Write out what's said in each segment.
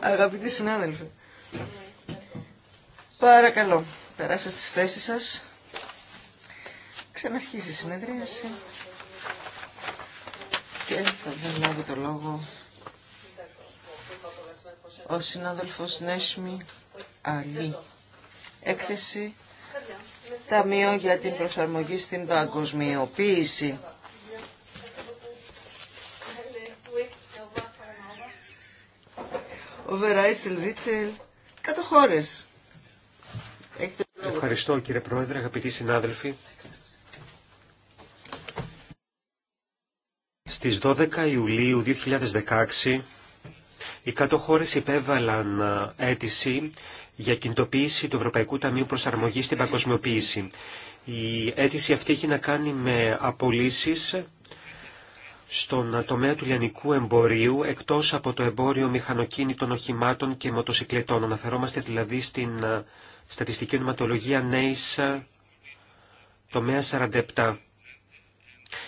Αγαπητοί συνάδελφοι, παρακαλώ, περάστε στις θέσεις σας. Ξαναρχίζει η συνεδρίαση και θα λάβει το λόγο ο συνάδελφος Νέσμι Αλή. Έκθεση Ταμείο για την προσαρμογή στην παγκοσμιοποίηση. Ευχαριστώ κύριε Πρόεδρε, αγαπητοί συνάδελφοι. Στις 12 Ιουλίου 2016 οι κάτω χώρες υπέβαλαν αίτηση για κινητοποίηση του Ευρωπαϊκού Ταμείου Προσαρμογής στην Παγκοσμιοποίηση. Η αίτηση αυτή έχει να κάνει με απολύσεις στον τομέα του λιανικού εμπορίου εκτός από το εμπόριο μηχανοκίνητων οχημάτων και μοτοσυκλετών. Αναφερόμαστε δηλαδή στην ε, στατιστική ονοματολογία ΝΕΙΣ ε, τομέα 47.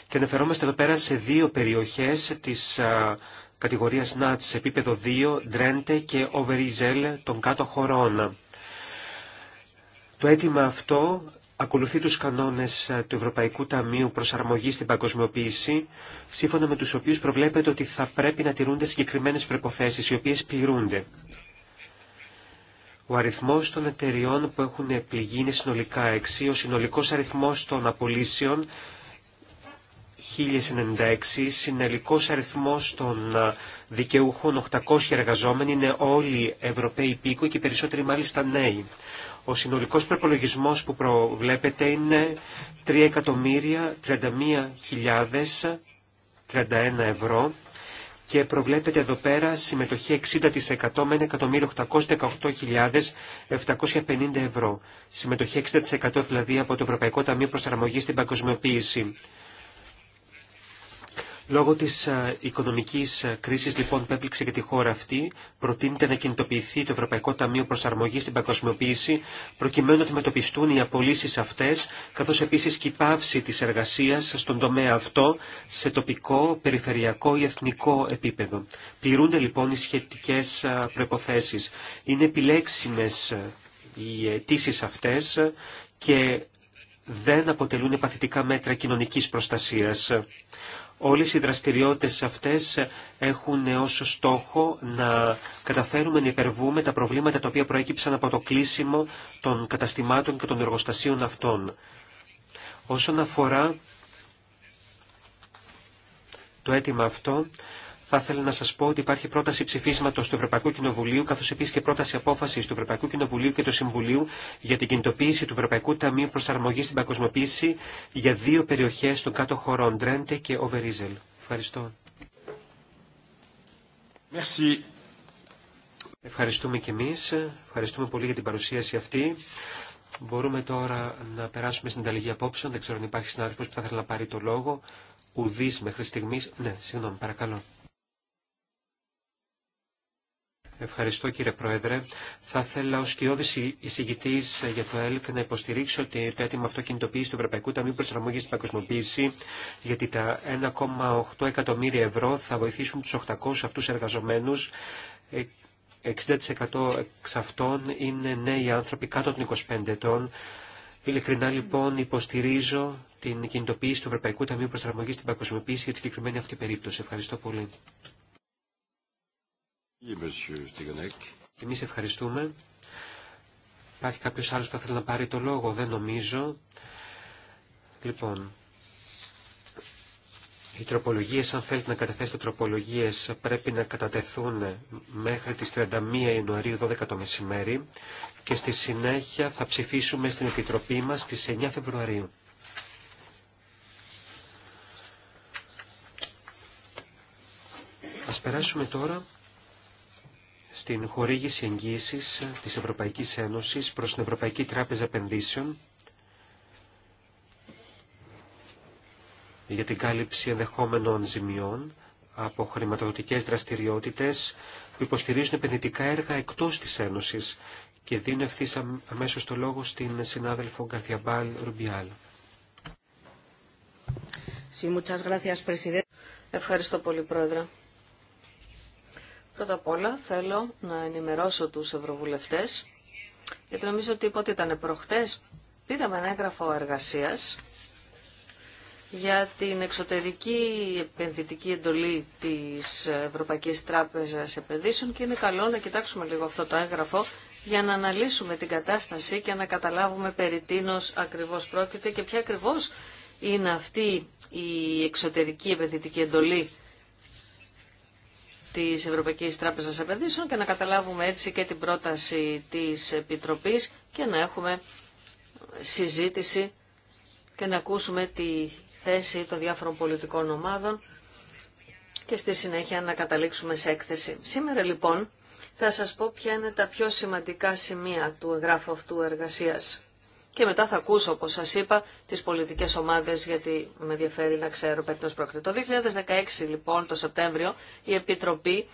Και αναφερόμαστε εδώ πέρα σε δύο περιοχές της ε, κατηγορίας ΝΑΤΣ επίπεδο 2, Ντρέντε και Οβερίζελ των κάτω χωρών. Το αίτημα αυτό ακολουθεί τους κανόνες ε, του Ευρωπαϊκού Ταμείου Προσαρμογής στην Παγκοσμιοποίηση, σύμφωνα με τους οποίους προβλέπεται ότι θα πρέπει να τηρούνται συγκεκριμένες προϋποθέσεις, οι οποίες πληρούνται. Ο αριθμός των εταιριών που έχουν πληγεί είναι συνολικά 6, ο συνολικός αριθμός των απολύσεων 1096, συνολικός αριθμός των ε, δικαιούχων 800 εργαζόμενοι είναι όλοι Ευρωπαίοι πίκο και περισσότεροι μάλιστα νέοι. Ο συνολικός προπολογισμός που προβλέπεται είναι 3.031.031 ευρώ και προβλέπεται εδώ πέρα συμμετοχή 60% με 1.818.750 ευρώ. Συμμετοχή 60% δηλαδή από το Ευρωπαϊκό Ταμείο Προσαρμογής στην Παγκοσμιοποίηση. Λόγω της ε, οικονομικής ε, κρίσης λοιπόν που έπληξε και τη χώρα αυτή, προτείνεται να κινητοποιηθεί το Ευρωπαϊκό Ταμείο Προσαρμογής στην Παγκοσμιοποίηση, προκειμένου να αντιμετωπιστούν οι απολύσεις αυτές, καθώς επίσης και η πάυση της εργασίας στον τομέα αυτό σε τοπικό, περιφερειακό ή εθνικό επίπεδο. Πληρούνται λοιπόν οι σχετικές ε, προϋποθέσεις. Είναι επιλέξιμες οι αιτήσει αυτές και δεν αποτελούν παθητικά μέτρα κοινωνικής προστασίας. Όλες οι δραστηριότητες αυτές έχουν ως στόχο να καταφέρουμε να υπερβούμε τα προβλήματα τα οποία προέκυψαν από το κλείσιμο των καταστημάτων και των εργοστασίων αυτών. Όσον αφορά το αίτημα αυτό, θα ήθελα να σα πω ότι υπάρχει πρόταση ψηφίσματο του Ευρωπαϊκού Κοινοβουλίου, καθώ επίση και πρόταση απόφαση του Ευρωπαϊκού Κοινοβουλίου και του Συμβουλίου για την κινητοποίηση του Ευρωπαϊκού Ταμείου Προσαρμογή στην Παγκοσμιοποίηση για δύο περιοχέ των κάτω χωρών, Ντρέντε και Οβερίζελ. Ευχαριστώ. Merci. Ευχαριστούμε και εμεί. Ευχαριστούμε πολύ για την παρουσίαση αυτή. Μπορούμε τώρα να περάσουμε στην ανταλλαγή απόψεων. Δεν ξέρω αν υπάρχει συνάδελφο που θα ήθελα να πάρει το λόγο. Ουδή μέχρι στιγμή. Ναι, συγγνώμη, παρακαλώ. Ευχαριστώ κύριε Πρόεδρε. Θα ήθελα ω κοιόδη εισηγητή για το ΕΛΚ να υποστηρίξω ότι το αίτημα αυτοκινητοποίηση του Ευρωπαϊκού Ταμείου Προσαρμογή στην Παγκοσμιοποίηση, γιατί τα 1,8 εκατομμύρια ευρώ θα βοηθήσουν του 800 αυτού εργαζομένου 60% εξ αυτών είναι νέοι άνθρωποι κάτω των 25 ετών. Ειλικρινά λοιπόν υποστηρίζω την κινητοποίηση του Ευρωπαϊκού Ταμείου Προσαρμογής στην Παγκοσμιοποίηση για τη συγκεκριμένη αυτή περίπτωση. Ευχαριστώ πολύ. Και εμείς ευχαριστούμε. Υπάρχει κάποιος άλλος που θα θέλει να πάρει το λόγο. Δεν νομίζω. Λοιπόν, οι τροπολογίες, αν θέλετε να καταθέσετε τροπολογίες, πρέπει να κατατεθούν μέχρι τις 31 Ιανουαρίου 12 το μεσημέρι και στη συνέχεια θα ψηφίσουμε στην Επιτροπή μας στις 9 Φεβρουαρίου. Ας περάσουμε τώρα στην χορήγηση εγγύησης της Ευρωπαϊκής Ένωσης προς την Ευρωπαϊκή Τράπεζα Επενδύσεων για την κάλυψη ενδεχόμενων ζημιών από χρηματοδοτικές δραστηριότητες που υποστηρίζουν επενδυτικά έργα εκτός της Ένωσης και δίνω ευθύς αμέσως το λόγο στην συνάδελφο Γκαρθιαμπάλ Ρουμπιάλ. Ευχαριστώ πολύ, Πρόεδρε. Πρώτα απ' όλα θέλω να ενημερώσω τους ευρωβουλευτές, γιατί νομίζω ότι πότε ήταν προχτές, πήραμε ένα έγγραφο εργασίας για την εξωτερική επενδυτική εντολή της Ευρωπαϊκής Τράπεζας Επενδύσεων και είναι καλό να κοιτάξουμε λίγο αυτό το έγγραφο για να αναλύσουμε την κατάσταση και να καταλάβουμε περί τίνος ακριβώς πρόκειται και ποια ακριβώς είναι αυτή η εξωτερική επενδυτική εντολή της Ευρωπαϊκής Τράπεζας Επενδύσεων και να καταλάβουμε έτσι και την πρόταση της Επιτροπής και να έχουμε συζήτηση και να ακούσουμε τη θέση των διάφορων πολιτικών ομάδων και στη συνέχεια να καταλήξουμε σε έκθεση. Σήμερα λοιπόν θα σας πω ποια είναι τα πιο σημαντικά σημεία του εγγράφου αυτού εργασίας και μετά θα ακούσω, όπως σας είπα, τις πολιτικές ομάδες, γιατί με ενδιαφέρει να ξέρω περίπτωση πρόκειται. Το 2016, λοιπόν, το Σεπτέμβριο, η Επιτροπή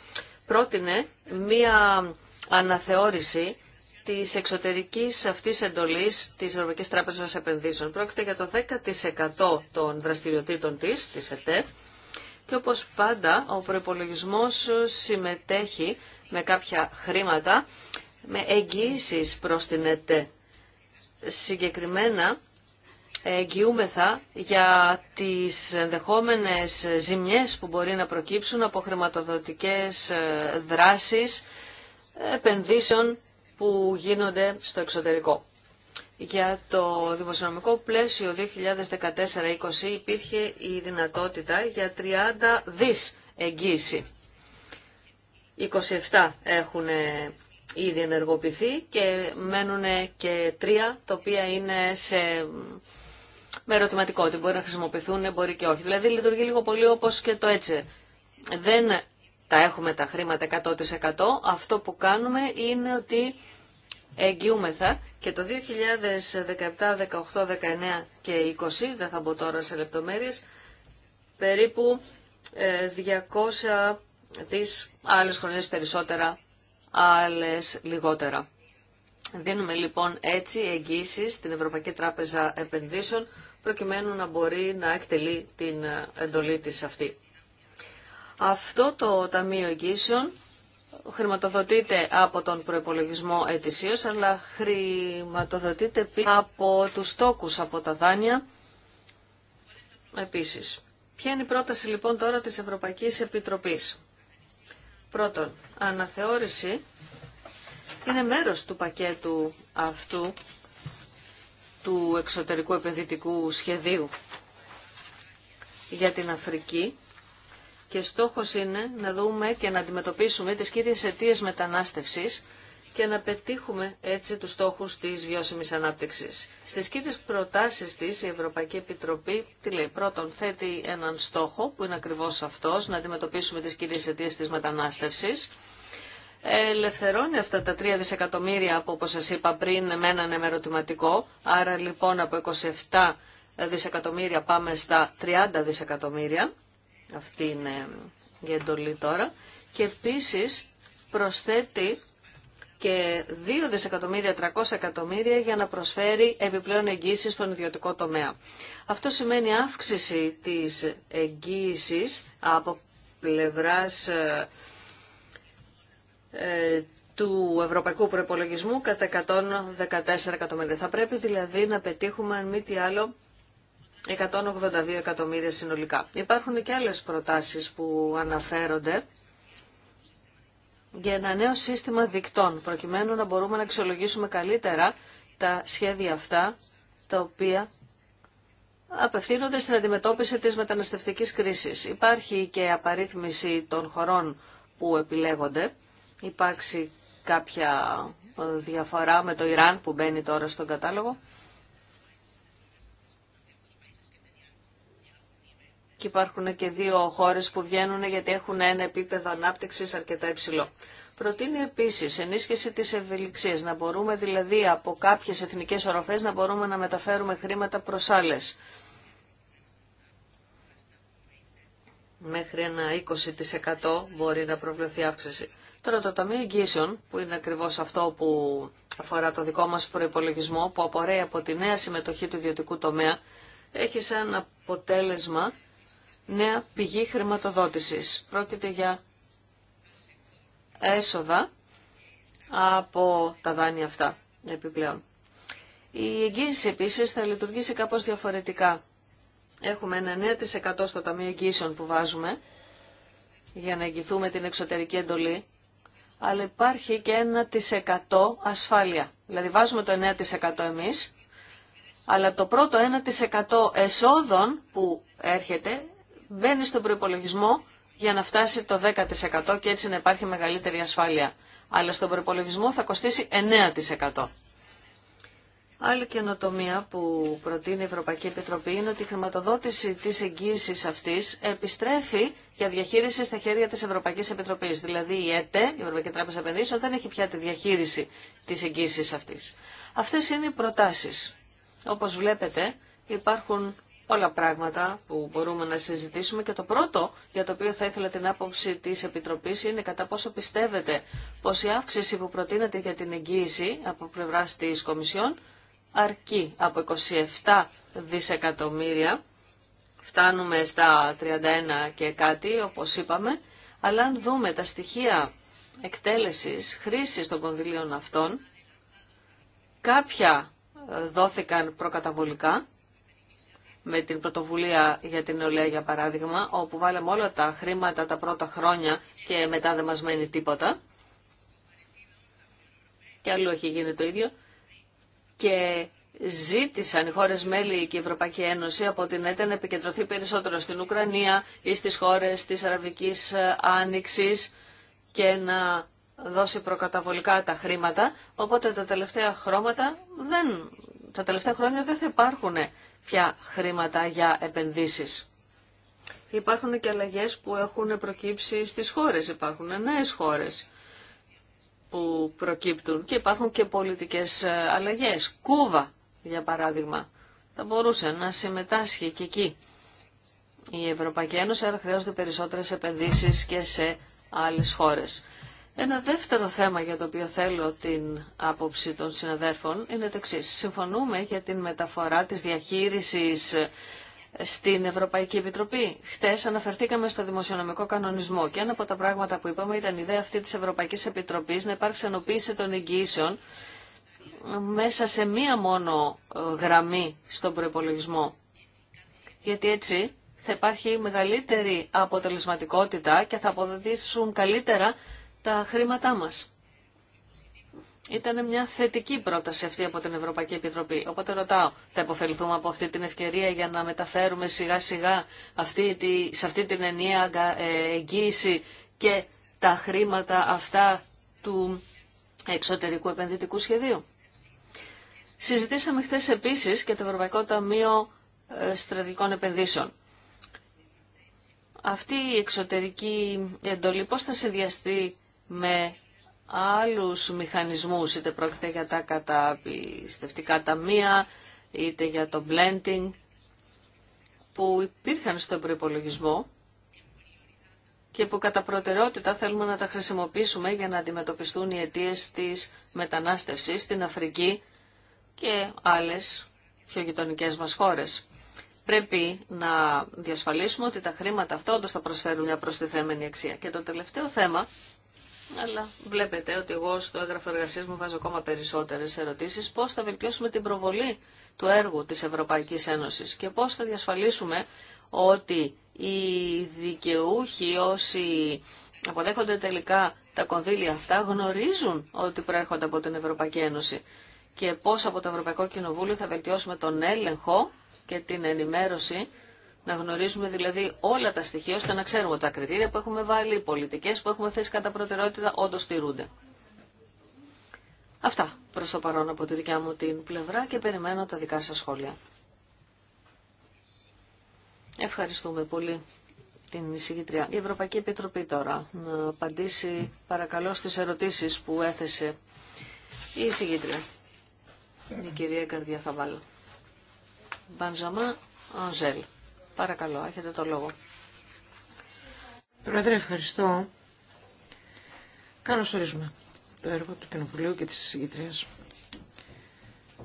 πρότεινε μία αναθεώρηση τη εξωτερική αυτή εντολής τη Ευρωπαϊκή Τράπεζα Επενδύσεων. Πρόκειται για το 10% των δραστηριοτήτων της, της ΕΤΕΦ, και όπως πάντα ο προπολογισμό συμμετέχει με κάποια χρήματα, με εγγυήσει προ την ΕΤΕ συγκεκριμένα εγγυούμεθα για τις ενδεχόμενες ζημιές που μπορεί να προκύψουν από χρηματοδοτικές ε, δράσεις επενδύσεων που γίνονται στο εξωτερικό. Για το δημοσιονομικό πλαίσιο 2014-2020 υπήρχε η δυνατότητα για 30 δις εγγύηση. 27 έχουν ήδη ενεργοποιηθεί και μένουν και τρία τα οποία είναι σε... με ερωτηματικό ότι μπορεί να χρησιμοποιηθούν, μπορεί και όχι. Δηλαδή λειτουργεί λίγο πολύ όπως και το έτσι. Δεν τα έχουμε τα χρήματα 100%. Αυτό που κάνουμε είναι ότι εγγυούμεθα και το 2017, 18, 19 και 20, δεν θα μπω τώρα σε λεπτομέρειες, περίπου 200 ε, δις άλλες χρονιές περισσότερα άλλες λιγότερα. Δίνουμε λοιπόν έτσι εγγύσει στην Ευρωπαϊκή Τράπεζα Επενδύσεων προκειμένου να μπορεί να εκτελεί την εντολή της αυτή. Αυτό το Ταμείο Εγγύσεων χρηματοδοτείται από τον προϋπολογισμό ετησίως, αλλά χρηματοδοτείται από τους τόκους από τα δάνεια επίσης. Ποια είναι η πρόταση λοιπόν τώρα της Ευρωπαϊκής Επιτροπής. Πρώτον, αναθεώρηση είναι μέρος του πακέτου αυτού του εξωτερικού επενδυτικού σχεδίου για την Αφρική και στόχος είναι να δούμε και να αντιμετωπίσουμε τις κύριες αιτίες μετανάστευσης και να πετύχουμε έτσι τους στόχους της βιώσιμης ανάπτυξης. Στις κύριες προτάσεις της η Ευρωπαϊκή Επιτροπή τι λέει, πρώτον θέτει έναν στόχο που είναι ακριβώς αυτός, να αντιμετωπίσουμε τις κυρίες αιτίες της μετανάστευσης. Ελευθερώνει αυτά τα 3 δισεκατομμύρια που όπως σας είπα πριν με έναν εμερωτηματικό, άρα λοιπόν από 27 δισεκατομμύρια πάμε στα 30 δισεκατομμύρια. Αυτή είναι η εντολή τώρα. Και επίσης προσθέτει και 2 δισεκατομμύρια 300 εκατομμύρια για να προσφέρει επιπλέον εγγύηση στον ιδιωτικό τομέα. Αυτό σημαίνει αύξηση της εγγύησης από πλευράς ε, ε, του ευρωπαϊκού προπολογισμού κατά 114 εκατομμύρια. Θα πρέπει δηλαδή να πετύχουμε, αν μη τι άλλο, 182 εκατομμύρια συνολικά. Υπάρχουν και άλλες προτάσεις που αναφέρονται για ένα νέο σύστημα δικτών, προκειμένου να μπορούμε να αξιολογήσουμε καλύτερα τα σχέδια αυτά, τα οποία απευθύνονται στην αντιμετώπιση της μεταναστευτικής κρίσης. Υπάρχει και απαρίθμηση των χωρών που επιλέγονται. Υπάρχει κάποια ε, διαφορά με το Ιράν που μπαίνει τώρα στον κατάλογο. και υπάρχουν και δύο χώρες που βγαίνουν γιατί έχουν ένα επίπεδο ανάπτυξης αρκετά υψηλό. Προτείνει επίσης ενίσχυση της ευελιξίας, να μπορούμε δηλαδή από κάποιες εθνικές οροφές να μπορούμε να μεταφέρουμε χρήματα προς άλλες. Μέχρι ένα 20% μπορεί να προβλεφθεί αύξηση. Τώρα το Ταμείο Εγγύσεων, που είναι ακριβώς αυτό που αφορά το δικό μας προϋπολογισμό, που απορρέει από τη νέα συμμετοχή του ιδιωτικού τομέα, έχει σαν αποτέλεσμα νέα πηγή χρηματοδότησης. Πρόκειται για έσοδα από τα δάνεια αυτά επιπλέον. Η εγγύηση επίσης θα λειτουργήσει κάπως διαφορετικά. Έχουμε ένα 9% στο Ταμείο Εγγύησεων που βάζουμε για να εγγυθούμε την εξωτερική εντολή, αλλά υπάρχει και 1% ασφάλεια. Δηλαδή βάζουμε το 9% εμείς, αλλά το πρώτο 1% εσόδων που έρχεται μπαίνει στον προπολογισμό για να φτάσει το 10% και έτσι να υπάρχει μεγαλύτερη ασφάλεια. Αλλά στον προπολογισμό θα κοστίσει 9%. Άλλη καινοτομία που προτείνει η Ευρωπαϊκή Επιτροπή είναι ότι η χρηματοδότηση τη εγγύηση αυτή επιστρέφει για διαχείριση στα χέρια της Ευρωπαϊκή Επιτροπής. Δηλαδή η ΕΤΕ, η Ευρωπαϊκή Τράπεζα Επενδύσεων, δεν έχει πια τη διαχείριση τη εγγύηση αυτή. Αυτέ είναι οι προτάσει. Όπω βλέπετε υπάρχουν Όλα πράγματα που μπορούμε να συζητήσουμε και το πρώτο για το οποίο θα ήθελα την άποψη της Επιτροπής είναι κατά πόσο πιστεύετε πως η αύξηση που προτείνεται για την εγγύηση από πλευρά της Κομισιόν αρκεί από 27 δισεκατομμύρια φτάνουμε στα 31 και κάτι όπως είπαμε αλλά αν δούμε τα στοιχεία εκτέλεσης, χρήσης των κονδυλίων αυτών κάποια ε, δόθηκαν προκαταβολικά με την πρωτοβουλία για την νεολαία για παράδειγμα, όπου βάλαμε όλα τα χρήματα τα πρώτα χρόνια και μετά δεν μας μένει τίποτα. Και αλλού έχει γίνει το ίδιο. Και ζήτησαν οι χώρες μέλη και η Ευρωπαϊκή Ένωση από την ΕΤΕ να επικεντρωθεί περισσότερο στην Ουκρανία ή στις χώρες της Αραβικής Άνοιξης και να δώσει προκαταβολικά τα χρήματα, οπότε τα τελευταία, χρώματα δεν, τα τελευταία χρόνια δεν θα υπάρχουν πια χρήματα για επενδύσεις. Υπάρχουν και αλλαγές που έχουν προκύψει στις χώρες. Υπάρχουν νέες χώρες που προκύπτουν και υπάρχουν και πολιτικές ε, αλλαγές. Κούβα, για παράδειγμα, θα μπορούσε να συμμετάσχει και εκεί. Η Ευρωπαϊκή Ένωση άρα χρειάζονται περισσότερες επενδύσεις και σε άλλες χώρες. Ένα δεύτερο θέμα για το οποίο θέλω την άποψη των συναδέρφων είναι το εξή. Συμφωνούμε για την μεταφορά της διαχείρισης στην Ευρωπαϊκή Επιτροπή. Χθε αναφερθήκαμε στο δημοσιονομικό κανονισμό και ένα από τα πράγματα που είπαμε ήταν η ιδέα αυτή της Ευρωπαϊκής Επιτροπής να υπάρξει ενοποίηση των εγγυήσεων μέσα σε μία μόνο ε, γραμμή στον προπολογισμό. Γιατί έτσι θα υπάρχει μεγαλύτερη αποτελεσματικότητα και θα αποδοτήσουν καλύτερα τα χρήματά μας. Ήταν μια θετική πρόταση αυτή από την Ευρωπαϊκή Επιτροπή. Οπότε ρωτάω, θα υποφεληθούμε από αυτή την ευκαιρία για να μεταφέρουμε σιγά σιγά αυτή τη, σε αυτή την ενιαία ε, εγγύηση και τα χρήματα αυτά του εξωτερικού επενδυτικού σχεδίου. Συζητήσαμε χθε επίσης και το Ευρωπαϊκό Ταμείο ε, Στρατηγικών Επενδύσεων. Αυτή η εξωτερική εντολή πώς θα συνδυαστεί με άλλους μηχανισμούς, είτε πρόκειται για τα καταπιστευτικά ταμεία, είτε για το blending, που υπήρχαν στον προϋπολογισμό και που κατά προτεραιότητα θέλουμε να τα χρησιμοποιήσουμε για να αντιμετωπιστούν οι αιτίες της μετανάστευσης στην Αφρική και άλλες πιο γειτονικέ μας χώρες. Πρέπει να διασφαλίσουμε ότι τα χρήματα αυτά όντως θα προσφέρουν μια προστιθέμενη αξία. Και το τελευταίο θέμα αλλά βλέπετε ότι εγώ στο έγγραφο εργασία μου βάζω ακόμα περισσότερε ερωτήσει. Πώ θα βελτιώσουμε την προβολή του έργου τη Ευρωπαϊκή Ένωση και πώ θα διασφαλίσουμε ότι οι δικαιούχοι όσοι αποδέχονται τελικά τα κονδύλια αυτά γνωρίζουν ότι προέρχονται από την Ευρωπαϊκή Ένωση και πώς από το Ευρωπαϊκό Κοινοβούλιο θα βελτιώσουμε τον έλεγχο και την ενημέρωση να γνωρίζουμε δηλαδή όλα τα στοιχεία ώστε να ξέρουμε τα κριτήρια που έχουμε βάλει, οι πολιτικές που έχουμε θέσει κατά προτεραιότητα όντω τηρούνται. Αυτά προς το παρόν από τη δικιά μου την πλευρά και περιμένω τα δικά σας σχόλια. Ευχαριστούμε πολύ την εισηγητριά. Η Ευρωπαϊκή Επιτροπή τώρα να απαντήσει παρακαλώ στις ερωτήσεις που έθεσε η εισηγητριά. Η κυρία Καρδιά Θαβάλα. Μπανζαμά Παρακαλώ, έχετε το λόγο. Πρόεδρε, ευχαριστώ. Καλώς ορίζουμε το έργο του Κοινοβουλίου και της συζητήτριας.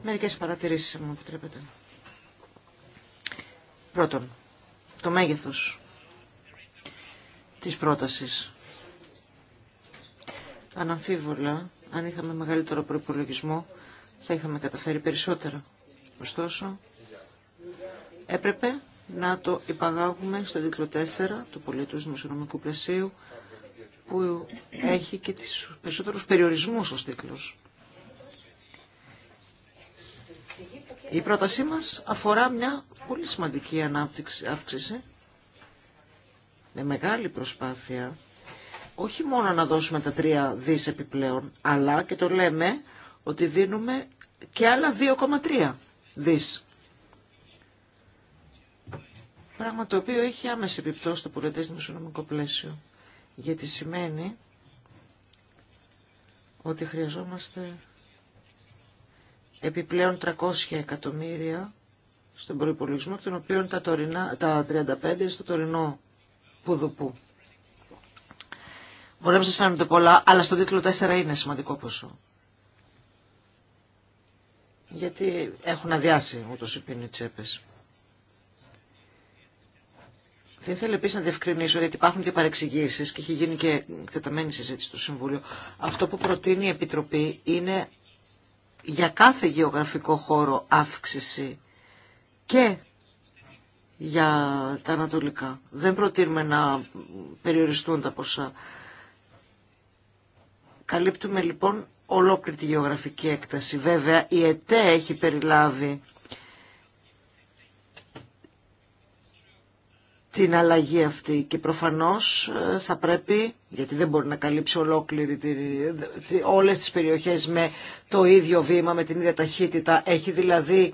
Μερικές παρατηρήσεις, αν μου επιτρέπετε. Πρώτον, το μέγεθος της πρότασης. Αναμφίβολα, αν είχαμε μεγαλύτερο προπολογισμό, θα είχαμε καταφέρει περισσότερα. Ωστόσο, έπρεπε να το υπαγάγουμε στο τίτλο 4 του πολιτού δημοσιονομικού πλαισίου που έχει και τις περισσότερους περιορισμούς ως τίτλος. Η πρότασή μας αφορά μια πολύ σημαντική ανάπτυξη, αύξηση με μεγάλη προσπάθεια όχι μόνο να δώσουμε τα τρία δις επιπλέον, αλλά και το λέμε ότι δίνουμε και άλλα 2,3 δις Πράγμα το οποίο έχει άμεση επιπτώσει στο πολιτές δημοσιονομικό πλαίσιο. Γιατί σημαίνει ότι χρειαζόμαστε επιπλέον 300 εκατομμύρια στον προπολογισμό, εκ των οποίων τα, τωρινά, τα 35 στο τωρινό πουδουπού. Μπορεί να σας φαίνονται πολλά, αλλά στον τίτλο 4 είναι σημαντικό ποσό. Γιατί έχουν αδειάσει ούτως οι πίνοι τσέπες. Θα ήθελα επίση να διευκρινίσω, γιατί υπάρχουν και παρεξηγήσει και έχει γίνει και εκτεταμένη συζήτηση στο Συμβούλιο. Αυτό που προτείνει η Επιτροπή είναι για κάθε γεωγραφικό χώρο αύξηση και για τα ανατολικά. Δεν προτείνουμε να περιοριστούν τα ποσά. Καλύπτουμε λοιπόν ολόκληρη τη γεωγραφική έκταση. Βέβαια η ΕΤΕ έχει περιλάβει την αλλαγή αυτή και προφανώς ε, θα πρέπει, γιατί δεν μπορεί να καλύψει ολόκληρη τη, όλες τις περιοχές με το ίδιο βήμα, με την ίδια ταχύτητα, έχει δηλαδή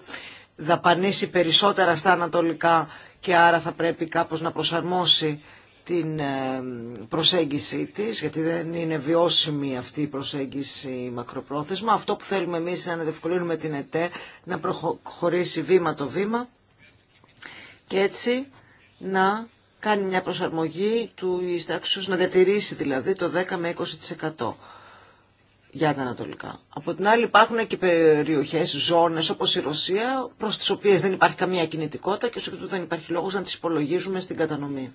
δαπανίσει περισσότερα στα ανατολικά και άρα θα πρέπει κάπως να προσαρμόσει την ε, προσέγγιση της, γιατί δεν είναι βιώσιμη αυτή η προσέγγιση μακροπρόθεσμα. Αυτό που θέλουμε εμείς είναι να διευκολύνουμε την ΕΤΕ να προχωρήσει βήμα το βήμα και έτσι να κάνει μια προσαρμογή του ίσταξους, να διατηρήσει δηλαδή το 10 με 20% για τα ανατολικά. Από την άλλη υπάρχουν και περιοχές, ζώνες όπως η Ρωσία, προς τις οποίες δεν υπάρχει καμία κινητικότητα και όσο δεν υπάρχει λόγος να τις υπολογίζουμε στην κατανομή.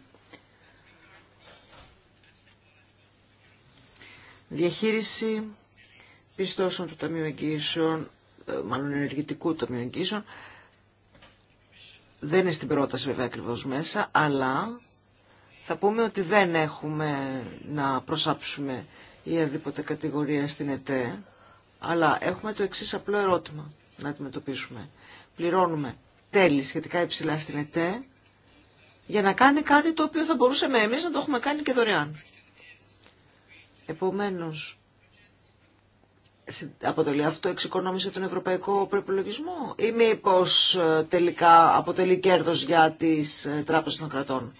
Διαχείριση πιστώσεων του Ταμείου Εγγύησεων, ε, μάλλον ενεργητικού Ταμείου Εγγύησεων, δεν είναι στην πρόταση βέβαια ακριβώ μέσα, αλλά θα πούμε ότι δεν έχουμε να προσάψουμε ή αδίποτε κατηγορία στην ΕΤΕ, αλλά έχουμε το εξής απλό ερώτημα να αντιμετωπίσουμε. Πληρώνουμε τέλη σχετικά υψηλά στην ΕΤΕ για να κάνει κάτι το οποίο θα μπορούσαμε εμείς να το έχουμε κάνει και δωρεάν. Επομένως, αποτελεί αυτό εξοικονόμηση τον ευρωπαϊκό προπολογισμό ή μήπω ε, τελικά αποτελεί κέρδο για τι ε, τράπεζε των κρατών.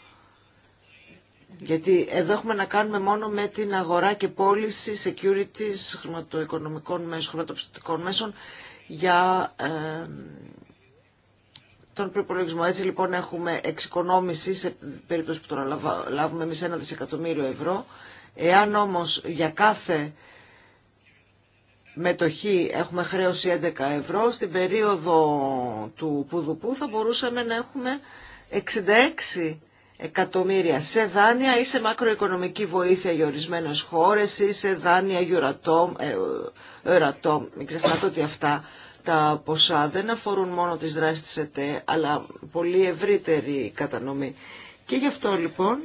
Γιατί εδώ έχουμε να κάνουμε μόνο με την αγορά και πώληση securities χρηματοοικονομικών μέσων, χρηματοπιστωτικών μέσων για ε, τον προπολογισμό. Έτσι λοιπόν έχουμε εξοικονόμηση σε περίπτωση που τώρα λάβουμε εμεί ένα δισεκατομμύριο ευρώ. Εάν όμως για κάθε μετοχή έχουμε χρέωση 11 ευρώ, στην περίοδο του Πουδουπού θα μπορούσαμε να έχουμε 66 εκατομμύρια σε δάνεια ή σε μακροοικονομική βοήθεια για ορισμένε χώρε ή σε δάνεια Euratom. Ε, Μην ξεχνάτε ότι αυτά τα ποσά δεν αφορούν μόνο τις δράσεις της ΕΤΕ, αλλά πολύ ευρύτερη κατανομή. Και γι' αυτό λοιπόν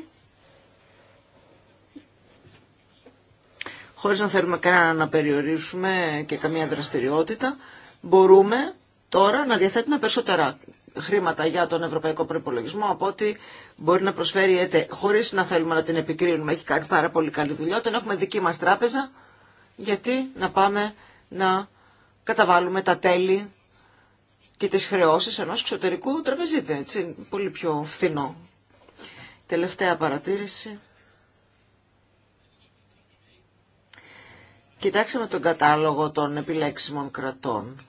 χωρίς να θέλουμε κανένα να περιορίσουμε και καμία δραστηριότητα, μπορούμε τώρα να διαθέτουμε περισσότερα χρήματα για τον ευρωπαϊκό προπολογισμό από ότι μπορεί να προσφέρει η ΕΤΕ χωρίς να θέλουμε να την επικρίνουμε. Έχει κάνει πάρα πολύ καλή δουλειά. Όταν έχουμε δική μας τράπεζα, γιατί να πάμε να καταβάλουμε τα τέλη και τις χρεώσεις ενός εξωτερικού τραπεζίτη. Έτσι, πολύ πιο φθηνό. Τελευταία παρατήρηση. Κοιτάξαμε τον κατάλογο των επιλέξιμων κρατών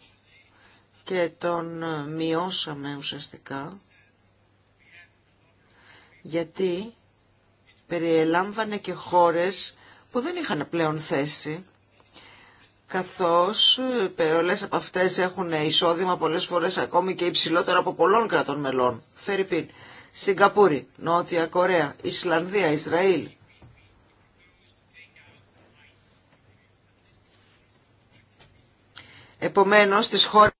και τον μειώσαμε ουσιαστικά γιατί περιελάμβανε και χώρες που δεν είχαν πλέον θέση καθώς ε, όλες από αυτές έχουν εισόδημα πολλές φορές ακόμη και υψηλότερο από πολλών κρατών μελών. Φερρυπίν, Σιγκαπούρη, Νότια Κορέα, Ισλανδία, Ισραήλ, Επομένως, στις χώρες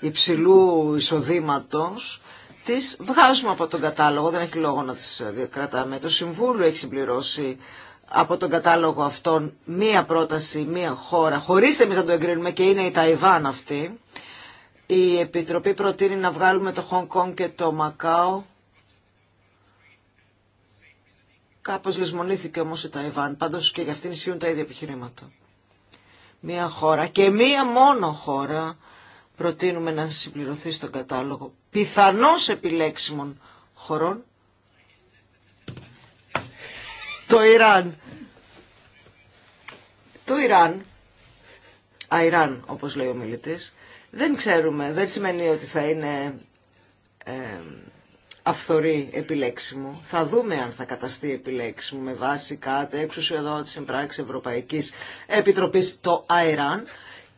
υψηλού εισοδήματος, τις βγάζουμε από τον κατάλογο, δεν έχει λόγο να τις κρατάμε. Το Συμβούλιο έχει συμπληρώσει από τον κατάλογο αυτόν μία πρόταση, μία χώρα, χωρίς εμείς να το εγκρίνουμε και είναι η Ταϊβάν αυτή. Η Επιτροπή προτείνει να βγάλουμε το Χονγκ Κόνγκ και το Μακάο. Κάπως λησμονήθηκε όμως η Ταϊβάν, πάντως και για αυτήν ισχύουν τα ίδια επιχειρήματα μία χώρα και μία μόνο χώρα προτείνουμε να συμπληρωθεί στον κατάλογο πιθανώς επιλέξιμων χωρών το Ιράν. Το Ιράν, Αϊράν όπως λέει ο μιλητής, δεν ξέρουμε, δεν σημαίνει ότι θα είναι ε, αυθορή επιλέξιμο. Θα δούμε αν θα καταστεί επιλέξιμο με βάση κάτι εξουσιοδότηση πράξη Ευρωπαϊκής Επιτροπής το ΑΕΡΑΝ.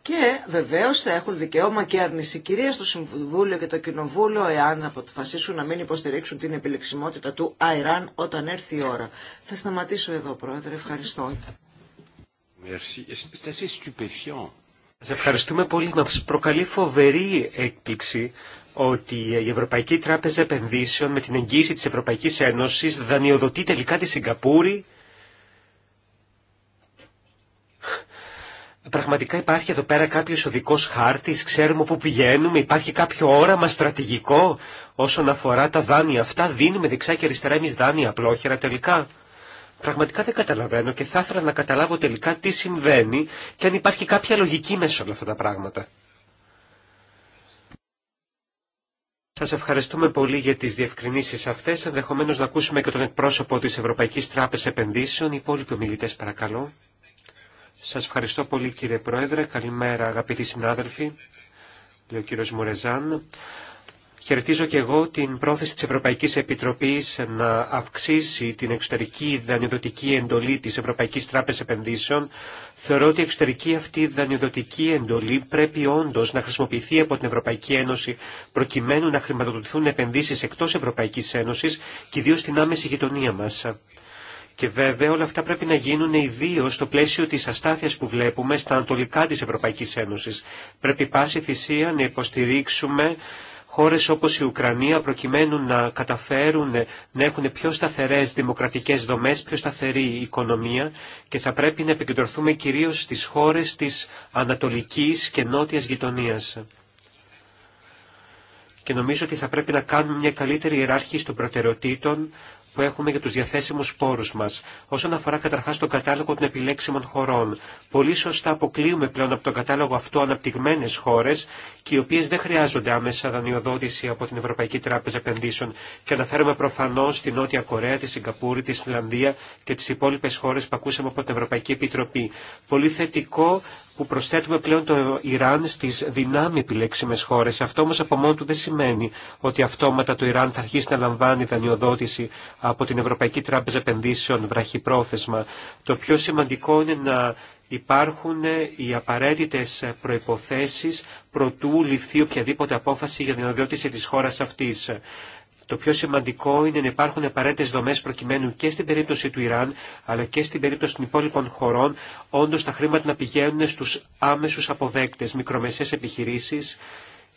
Και βεβαίω θα έχουν δικαίωμα και άρνηση κυρία στο Συμβούλιο και το Κοινοβούλιο εάν αποφασίσουν να μην υποστηρίξουν την επιλεξιμότητα του ΑΕΡΑΝ όταν έρθει η ώρα. Θα σταματήσω εδώ, Πρόεδρε. Ευχαριστώ. Σα ευχαριστούμε πολύ. Μα προκαλεί φοβερή έκπληξη ότι η Ευρωπαϊκή Τράπεζα Επενδύσεων με την εγγύηση της Ευρωπαϊκής Ένωσης δανειοδοτεί τελικά τη Σιγκαπούρη. Πραγματικά υπάρχει εδώ πέρα κάποιος οδικός χάρτης, ξέρουμε πού πηγαίνουμε, υπάρχει κάποιο όραμα στρατηγικό όσον αφορά τα δάνεια αυτά, δίνουμε δεξιά και αριστερά εμείς δάνεια απλόχερα τελικά. Πραγματικά δεν καταλαβαίνω και θα ήθελα να καταλάβω τελικά τι συμβαίνει και αν υπάρχει κάποια λογική μέσα σε όλα αυτά τα πράγματα. Σας ευχαριστούμε πολύ για τις διευκρινήσεις αυτές. Ενδεχομένως να ακούσουμε και τον εκπρόσωπο της Ευρωπαϊκής Τράπεζας Επενδύσεων. Οι υπόλοιποι ομιλητές παρακαλώ. Σας ευχαριστώ πολύ κύριε Πρόεδρε. Καλημέρα αγαπητοί συνάδελφοι. Λέει ο κύριος Μουρεζάν. Χαιρετίζω και εγώ την πρόθεση της Ευρωπαϊκής Επιτροπής να αυξήσει την εξωτερική δανειοδοτική εντολή της Ευρωπαϊκής Τράπεζας Επενδύσεων. Θεωρώ ότι η εξωτερική αυτή δανειοδοτική εντολή πρέπει όντως να χρησιμοποιηθεί από την Ευρωπαϊκή Ένωση προκειμένου να χρηματοδοτηθούν επενδύσεις εκτός Ευρωπαϊκής Ένωσης και ιδίως στην άμεση γειτονία μας. Και βέβαια όλα αυτά πρέπει να γίνουν ιδίω στο πλαίσιο της αστάθειας που βλέπουμε στα ανατολικά τη Ευρωπαϊκής Ένωσης. Πρέπει πάση θυσία να υποστηρίξουμε χώρες όπως η Ουκρανία προκειμένου να καταφέρουν να έχουν πιο σταθερές δημοκρατικές δομές, πιο σταθερή οικονομία και θα πρέπει να επικεντρωθούμε κυρίως στις χώρες της ανατολικής και νότιας γειτονίας. Και νομίζω ότι θα πρέπει να κάνουμε μια καλύτερη ιεράρχηση των προτεραιοτήτων που έχουμε για τους διαθέσιμους πόρους μας. Όσον αφορά καταρχάς τον κατάλογο των επιλέξιμων χωρών, πολύ σωστά αποκλείουμε πλέον από τον κατάλογο αυτό αναπτυγμένες χώρες και οι οποίες δεν χρειάζονται άμεσα δανειοδότηση από την Ευρωπαϊκή Τράπεζα Επενδύσεων και αναφέρομαι προφανώς τη Νότια Κορέα, τη Σιγκαπούρη, τη Ισλανδία και τις υπόλοιπες χώρες που ακούσαμε από την Ευρωπαϊκή Επιτροπή. Πολύ θετικό που προσθέτουμε πλέον το Ιράν στις δυνάμει επιλέξιμες χώρες. Αυτό όμως από μόνο του δεν σημαίνει ότι αυτόματα το Ιράν θα αρχίσει να λαμβάνει δανειοδότηση από την Ευρωπαϊκή Τράπεζα Επενδύσεων βραχυπρόθεσμα. Το πιο σημαντικό είναι να υπάρχουν οι απαραίτητες προϋποθέσεις προτού ληφθεί οποιαδήποτε απόφαση για την τη της χώρας αυτής. Το πιο σημαντικό είναι να υπάρχουν απαραίτητε δομέ προκειμένου και στην περίπτωση του Ιράν αλλά και στην περίπτωση των υπόλοιπων χωρών όντω τα χρήματα να πηγαίνουν στου άμεσου αποδέκτε, μικρομεσαίε επιχειρήσει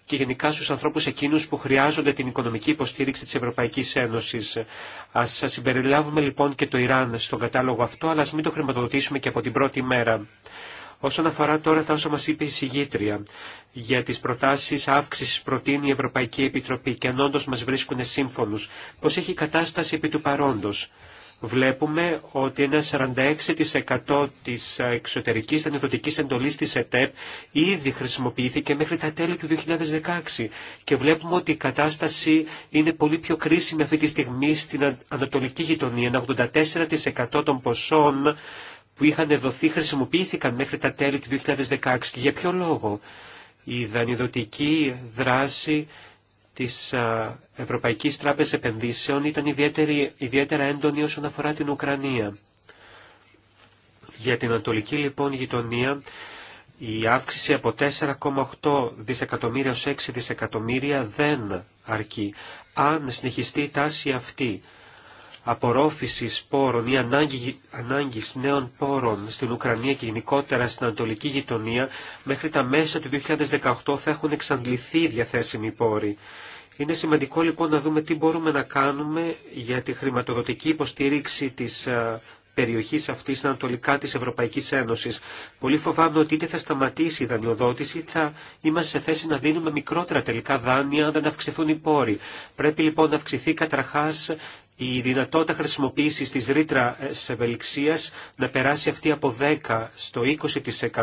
και γενικά στου ανθρώπου εκείνου που χρειάζονται την οικονομική υποστήριξη τη Ευρωπαϊκή Ένωση. Α συμπεριλάβουμε λοιπόν και το Ιράν στον κατάλογο αυτό αλλά α μην το χρηματοδοτήσουμε και από την πρώτη μέρα. Όσον αφορά τώρα τα όσα μας είπε η συγγήτρια για τις προτάσεις αύξησης προτείνει η Ευρωπαϊκή Επιτροπή και αν όντως μας βρίσκουν σύμφωνους, πώς έχει η κατάσταση επί του παρόντος. Βλέπουμε ότι ένα 46% της εξωτερικής ανεδοτικής εντολής της ΕΤΕΠ ήδη χρησιμοποιήθηκε μέχρι τα τέλη του 2016 και βλέπουμε ότι η κατάσταση είναι πολύ πιο κρίσιμη αυτή τη στιγμή στην Ανατολική Γειτονία. Ένα 84% των ποσών που είχαν δοθεί χρησιμοποιήθηκαν μέχρι τα τέλη του 2016. Και για ποιο λόγο η δανειοδοτική δράση της Ευρωπαϊκής Τράπεζας Επενδύσεων ήταν ιδιαίτερη, ιδιαίτερα έντονη όσον αφορά την Ουκρανία. Για την Ανατολική λοιπόν γειτονία η αύξηση από 4,8 δισεκατομμύρια ως 6 δισεκατομμύρια δεν αρκεί. Αν συνεχιστεί η τάση αυτή απορρόφηση πόρων ή ανάγκη, ανάγκης νέων πόρων στην Ουκρανία και γενικότερα στην Ανατολική γειτονία, μέχρι τα μέσα του 2018 θα έχουν εξαντληθεί οι διαθέσιμοι πόροι. Είναι σημαντικό λοιπόν να δούμε τι μπορούμε να κάνουμε για τη χρηματοδοτική υποστήριξη της ε, περιοχής αυτής ανατολικά της Ευρωπαϊκής Ένωσης. Πολύ φοβάμαι ότι είτε θα σταματήσει η δανειοδότηση, θα είμαστε σε θέση να δίνουμε μικρότερα τελικά δάνεια αν δεν αυξηθούν οι πόροι. Πρέπει λοιπόν να αυξηθεί καταρχάς η δυνατότητα χρησιμοποίησης της ρήτρα ε, ευελιξία να περάσει αυτή από 10% στο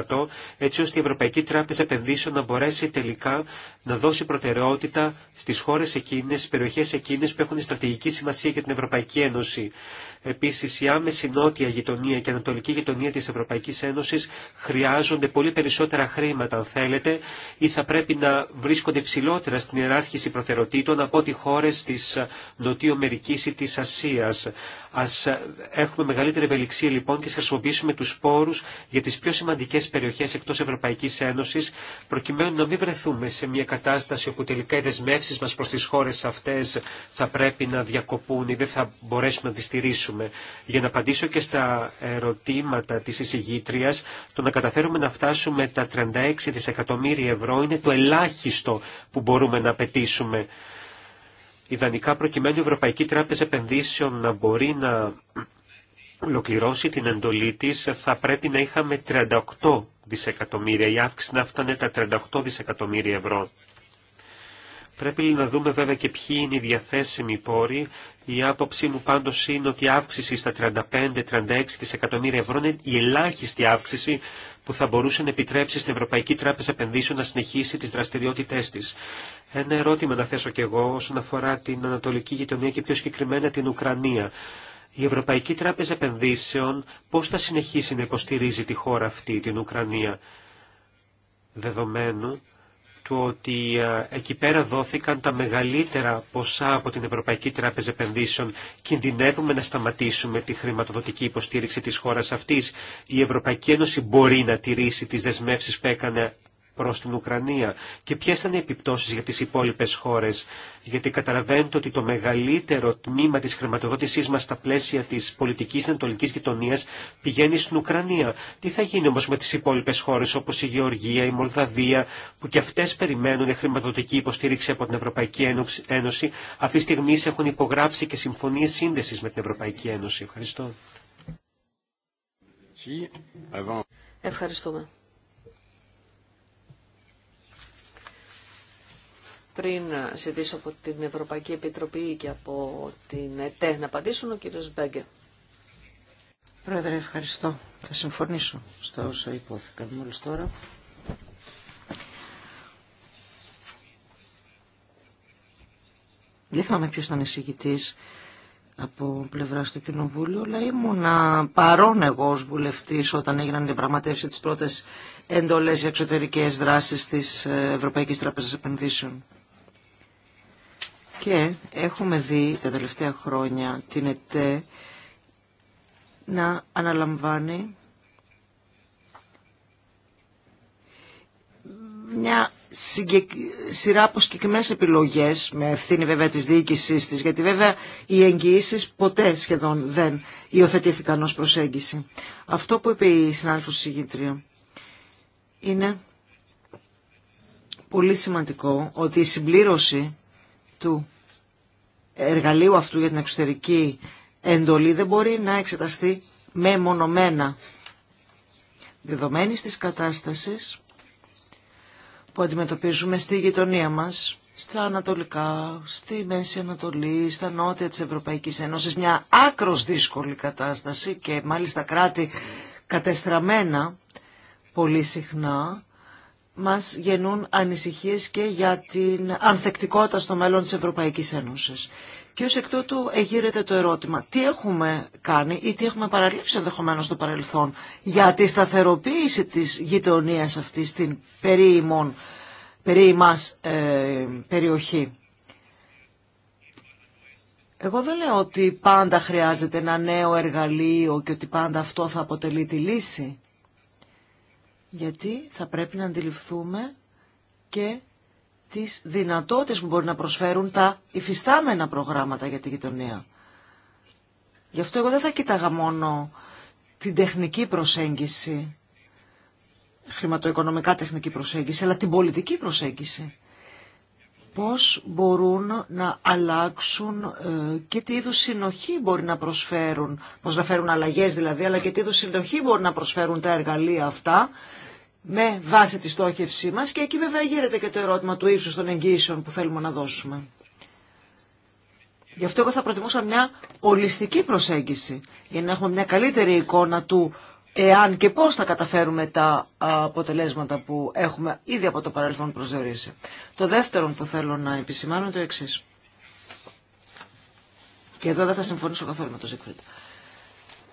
20% έτσι ώστε η Ευρωπαϊκή Τράπεζα Επενδύσεων να μπορέσει τελικά να δώσει προτεραιότητα στις χώρες εκείνες, στις περιοχές εκείνες που έχουν στρατηγική σημασία για την Ευρωπαϊκή Ένωση. Επίσης, η άμεση νότια γειτονία και ανατολική γειτονία της Ευρωπαϊκής Ένωσης χρειάζονται πολύ περισσότερα χρήματα, αν θέλετε, ή θα πρέπει να βρίσκονται ψηλότερα στην ιεράρχηση προτεραιοτήτων από ό,τι χώρες της ε, Νοτιοαμερικής ή τη ε, έχουμε μεγαλύτερη ευελιξία λοιπόν και α χρησιμοποιήσουμε του πόρου για τι πιο σημαντικέ περιοχέ εκτό Ευρωπαϊκή Ένωση, προκειμένου να μην βρεθούμε σε μια κατάσταση όπου τελικά οι δεσμεύσει μα προ τι χώρε αυτέ θα πρέπει να διακοπούν ή δεν θα μπορέσουμε να τι στηρίσουμε. Για να απαντήσω και στα ερωτήματα τη εισηγήτρια, το να καταφέρουμε να φτάσουμε τα 36 δισεκατομμύρια ευρώ είναι το ελάχιστο που μπορούμε να απαιτήσουμε ιδανικά προκειμένου η Ευρωπαϊκή Τράπεζα Επενδύσεων να μπορεί να ολοκληρώσει την εντολή της, θα πρέπει να είχαμε 38 δισεκατομμύρια. Η αύξηση να φτάνε τα 38 δισεκατομμύρια ευρώ. Πρέπει να δούμε βέβαια και ποιοι είναι οι διαθέσιμοι πόροι. Η άποψή μου πάντως είναι ότι η αύξηση στα 35-36 δισεκατομμύρια ευρώ είναι η ελάχιστη αύξηση που θα μπορούσε να επιτρέψει στην Ευρωπαϊκή Τράπεζα Επενδύσεων να συνεχίσει τι δραστηριότητε της. Ένα ερώτημα να θέσω κι εγώ όσον αφορά την Ανατολική γειτονία και πιο συγκεκριμένα την Ουκρανία. Η Ευρωπαϊκή Τράπεζα Επενδύσεων πώς θα συνεχίσει να υποστηρίζει τη χώρα αυτή, την Ουκρανία, δεδομένου του ότι ε, εκεί πέρα δόθηκαν τα μεγαλύτερα ποσά από την Ευρωπαϊκή Τράπεζα Επενδύσεων. Κινδυνεύουμε να σταματήσουμε τη χρηματοδοτική υποστήριξη της χώρας αυτής. Η Ευρωπαϊκή Ένωση μπορεί να τηρήσει τις δεσμεύσεις που έκανε προς την Ουκρανία και ποιες ήταν οι επιπτώσεις για τις υπόλοιπες χώρες. Γιατί καταλαβαίνετε ότι το μεγαλύτερο τμήμα της χρηματοδότησής μας στα πλαίσια της πολιτικής ανατολικής γειτονίας πηγαίνει στην Ουκρανία. Τι θα γίνει όμως με τις υπόλοιπες χώρες όπως η Γεωργία, η Μολδαβία που και αυτές περιμένουν χρηματοδοτική υποστήριξη από την Ευρωπαϊκή Ένωση. Αυτή τη στιγμή έχουν υπογράψει και συμφωνίες σύνδεση με την Ευρωπαϊκή Ένωση. Ευχαριστώ. Ευχαριστούμε. πριν ζητήσω από την Ευρωπαϊκή Επιτροπή και από την ΕΤΕ να απαντήσουν, ο κύριος Μπέγκε. Πρόεδρε, ευχαριστώ. Θα συμφωνήσω στο όσα υπόθηκαν μόλις τώρα. Δεν θυμάμαι ποιος ήταν εισηγητής από πλευρά του Κοινοβούλου, αλλά ήμουνα παρόν εγώ ως βουλευτής όταν έγιναν την πραγματεύση της πρώτες εντολές για εξωτερικές δράσεις της ε, Ευρωπαϊκής Τράπεζας Επενδύσεων. Και έχουμε δει τα τελευταία χρόνια την ΕΤΕ να αναλαμβάνει μια σειρά από συγκεκριμένε επιλογές με ευθύνη βέβαια της διοίκησής της γιατί βέβαια οι εγγυήσει ποτέ σχεδόν δεν υιοθετήθηκαν ως προσέγγιση. Αυτό που είπε η συνάδελφος συγγήτρια είναι πολύ σημαντικό ότι η συμπλήρωση του εργαλείου αυτού για την εξωτερική εντολή δεν μπορεί να εξεταστεί με μονομένα δεδομένης της κατάστασης που αντιμετωπίζουμε στη γειτονία μας, στα Ανατολικά, στη Μέση Ανατολή, στα Νότια της Ευρωπαϊκής Ένωσης, μια άκρος δύσκολη κατάσταση και μάλιστα κράτη κατεστραμμένα πολύ συχνά, μας γεννούν ανησυχίες και για την ανθεκτικότητα στο μέλλον της Ευρωπαϊκής Ένωσης. Και ως εκ τούτου εγείρεται το ερώτημα, τι έχουμε κάνει ή τι έχουμε παραλείψει ενδεχομένω στο παρελθόν για τη σταθεροποίηση της γειτονίας αυτής την περί, ε, περιοχή. Εγώ δεν λέω ότι πάντα χρειάζεται ένα νέο εργαλείο και ότι πάντα αυτό θα αποτελεί τη λύση γιατί θα πρέπει να αντιληφθούμε και τις δυνατότητες που μπορεί να προσφέρουν τα υφιστάμενα προγράμματα για τη γειτονία. Γι' αυτό εγώ δεν θα κοίταγα μόνο την τεχνική προσέγγιση, χρηματοοικονομικά τεχνική προσέγγιση, αλλά την πολιτική προσέγγιση πώς μπορούν να αλλάξουν ε, και τι είδους συνοχή μπορεί να προσφέρουν, πώς να φέρουν αλλαγές δηλαδή, αλλά και τι είδους συνοχή μπορεί να προσφέρουν τα εργαλεία αυτά με βάση τη στόχευσή μας και εκεί βέβαια γύρεται και το ερώτημα του ύψους των εγγύσεων που θέλουμε να δώσουμε. Γι' αυτό εγώ θα προτιμούσα μια ολιστική προσέγγιση για να έχουμε μια καλύτερη εικόνα του εάν και πώς θα καταφέρουμε τα αποτελέσματα που έχουμε ήδη από το παρελθόν προσδιορίσει. Το δεύτερο που θέλω να επισημάνω είναι το εξή. Και εδώ δεν θα συμφωνήσω καθόλου με τον Ζίκφριτ.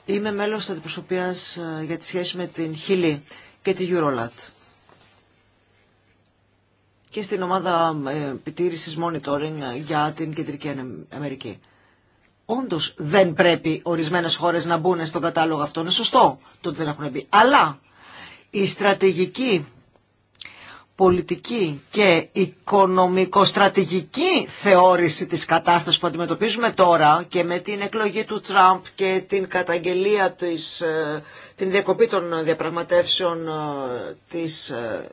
Είμαι μέλος της αντιπροσωπείας για τη σχέση με την Χιλή και την Eurolat. Και στην ομάδα ε, επιτήρησης monitoring για την Κεντρική Αμερική. Όντω δεν πρέπει ορισμένε χώρες να μπουν στον κατάλογο αυτό. Είναι σωστό το ότι δεν έχουν μπει. Αλλά η στρατηγική πολιτική και οικονομικοστρατηγική θεώρηση της κατάστασης που αντιμετωπίζουμε τώρα και με την εκλογή του Τραμπ και την καταγγελία της, ε, την διακοπή των διαπραγματεύσεων ε, της ε,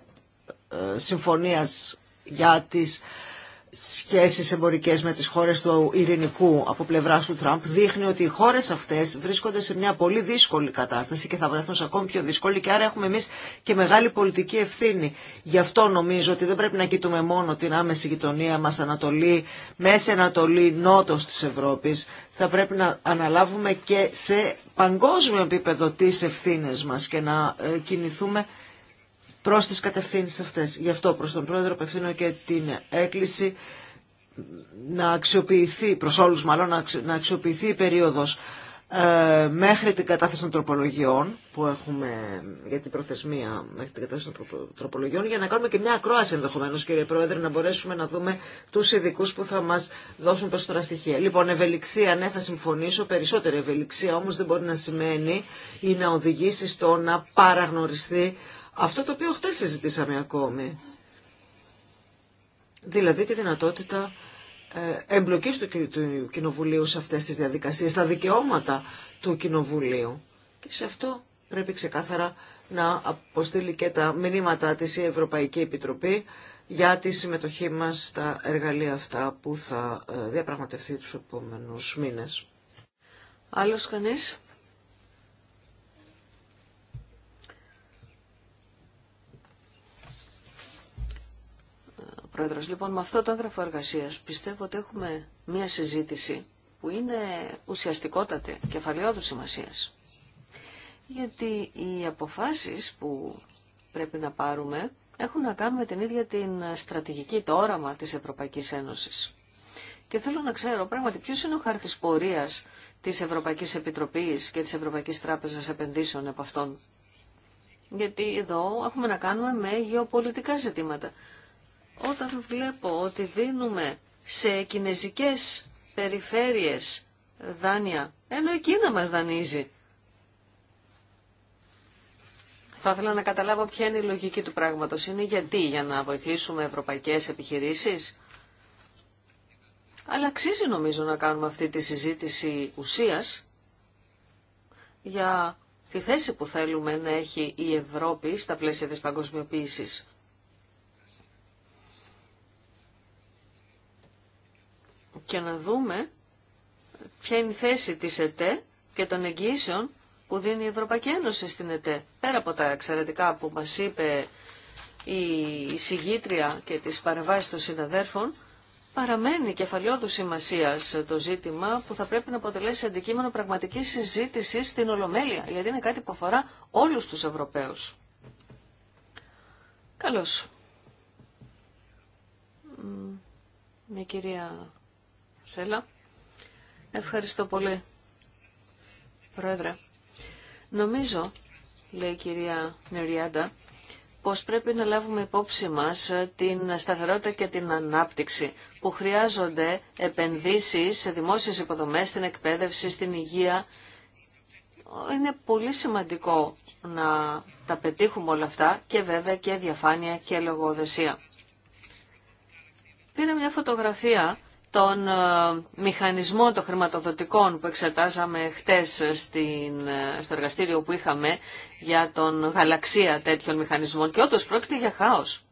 συμφωνίας για τις σχέσεις εμπορικές με τις χώρες του ειρηνικού από πλευρά του Τραμπ δείχνει ότι οι χώρες αυτές βρίσκονται σε μια πολύ δύσκολη κατάσταση και θα βρεθούν σε ακόμη πιο δύσκολη και άρα έχουμε εμείς και μεγάλη πολιτική ευθύνη. Γι' αυτό νομίζω ότι δεν πρέπει να κοιτούμε μόνο την άμεση γειτονία μας Ανατολή, Μέση Ανατολή, Νότος της Ευρώπης. Θα πρέπει να αναλάβουμε και σε παγκόσμιο επίπεδο τις ευθύνες μας και να ε, κινηθούμε προς τις κατευθύνσεις αυτές. Γι' αυτό προς τον Πρόεδρο απευθύνω και την έκκληση να αξιοποιηθεί, προς όλους μάλλον, να αξιοποιηθεί η περίοδος ε, μέχρι την κατάθεση των τροπολογιών που έχουμε για την προθεσμία μέχρι την κατάθεση των τροπολογιών για να κάνουμε και μια ακρόαση ενδεχομένως κύριε Πρόεδρε να μπορέσουμε να δούμε τους ειδικού που θα μας δώσουν περισσότερα στοιχεία. Λοιπόν ευελιξία ναι θα συμφωνήσω, περισσότερη ευελιξία όμως δεν μπορεί να σημαίνει ή να οδηγήσει στο να παραγνωριστεί αυτό το οποίο χτες συζητήσαμε ακόμη, δηλαδή τη δυνατότητα ε, εμπλοκής του Κοινοβουλίου σε αυτές τις διαδικασίες, τα δικαιώματα του Κοινοβουλίου. Και σε αυτό πρέπει ξεκάθαρα να αποστείλει και τα μηνύματα της η Ευρωπαϊκή Επιτροπή για τη συμμετοχή μας στα εργαλεία αυτά που θα ε, διαπραγματευτεί τους επόμενους μήνες. Άλλος κανείς? Πρόεδρος. Λοιπόν, με αυτό το έγγραφο εργασίας πιστεύω ότι έχουμε μία συζήτηση που είναι ουσιαστικότατη, κεφαλαιόδου σημασίας. Γιατί οι αποφάσεις που πρέπει να πάρουμε έχουν να κάνουν με την ίδια την στρατηγική, το όραμα της Ευρωπαϊκής Ένωσης. Και θέλω να ξέρω πράγματι ποιος είναι ο χάρτης πορείας της Ευρωπαϊκής Επιτροπής και της Ευρωπαϊκής Τράπεζας Επενδύσεων από αυτόν. Γιατί εδώ έχουμε να κάνουμε με γεωπολιτικά ζητήματα. Όταν βλέπω ότι δίνουμε σε κινέζικες περιφέρειες δάνεια, ενώ η Κίνα μας δανείζει, θα ήθελα να καταλάβω ποια είναι η λογική του πράγματος. Είναι γιατί, για να βοηθήσουμε ευρωπαϊκές επιχειρήσεις. Αλλά αξίζει νομίζω να κάνουμε αυτή τη συζήτηση ουσίας για τη θέση που θέλουμε να έχει η Ευρώπη στα πλαίσια της παγκοσμιοποίησης. και να δούμε ποια είναι η θέση της ΕΤΕ και των εγγύσεων που δίνει η Ευρωπαϊκή Ένωση στην ΕΤΕ. Πέρα από τα εξαιρετικά που μας είπε η συγγήτρια και τις παρεμβάσεις των συναδέρφων, παραμένει κεφαλαιόδου σημασία το ζήτημα που θα πρέπει να αποτελέσει αντικείμενο πραγματικής συζήτησης στην Ολομέλεια, γιατί είναι κάτι που αφορά όλους τους Ευρωπαίους. Καλώς. Μια κυρία Σέλα. Ευχαριστώ πολύ, Πρόεδρε. Νομίζω, λέει η κυρία Νεριάντα, πως πρέπει να λάβουμε υπόψη μας την σταθερότητα και την ανάπτυξη που χρειάζονται επενδύσεις σε δημόσιες υποδομές, στην εκπαίδευση, στην υγεία. Είναι πολύ σημαντικό να τα πετύχουμε όλα αυτά και βέβαια και διαφάνεια και λογοδεσία. Πήρα μια φωτογραφία τον ε, μηχανισμό των χρηματοδοτικών που εξετάζαμε χτες στην, ε, στο εργαστήριο που είχαμε για τον γαλαξία τέτοιων μηχανισμών και όντως πρόκειται για χάος.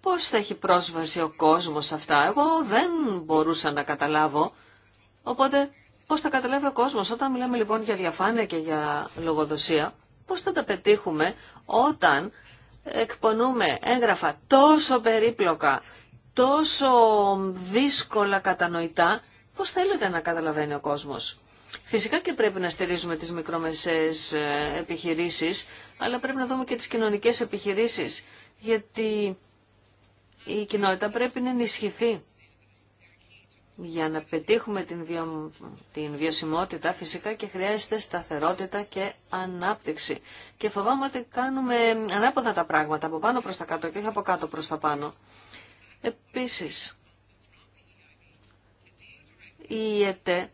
Πώς θα έχει πρόσβαση ο κόσμος σε αυτά, εγώ δεν μπορούσα να καταλάβω, οπότε πώς θα καταλάβει ο κόσμος όταν μιλάμε λοιπόν για διαφάνεια και για λογοδοσία, πώς θα τα πετύχουμε όταν εκπονούμε έγγραφα τόσο περίπλοκα τόσο δύσκολα κατανοητά, πώς θέλετε να καταλαβαίνει ο κόσμος. Φυσικά και πρέπει να στηρίζουμε τις μικρομεσαίες ε, επιχειρήσεις, αλλά πρέπει να δούμε και τις κοινωνικές επιχειρήσεις, γιατί η κοινότητα πρέπει να ενισχυθεί. Για να πετύχουμε την, την βιωσιμότητα φυσικά και χρειάζεται σταθερότητα και ανάπτυξη. Και φοβάμαι ότι κάνουμε ανάποδα τα πράγματα, από πάνω προς τα κάτω και όχι από κάτω προς τα πάνω. Επίσης, η ΕΤΕ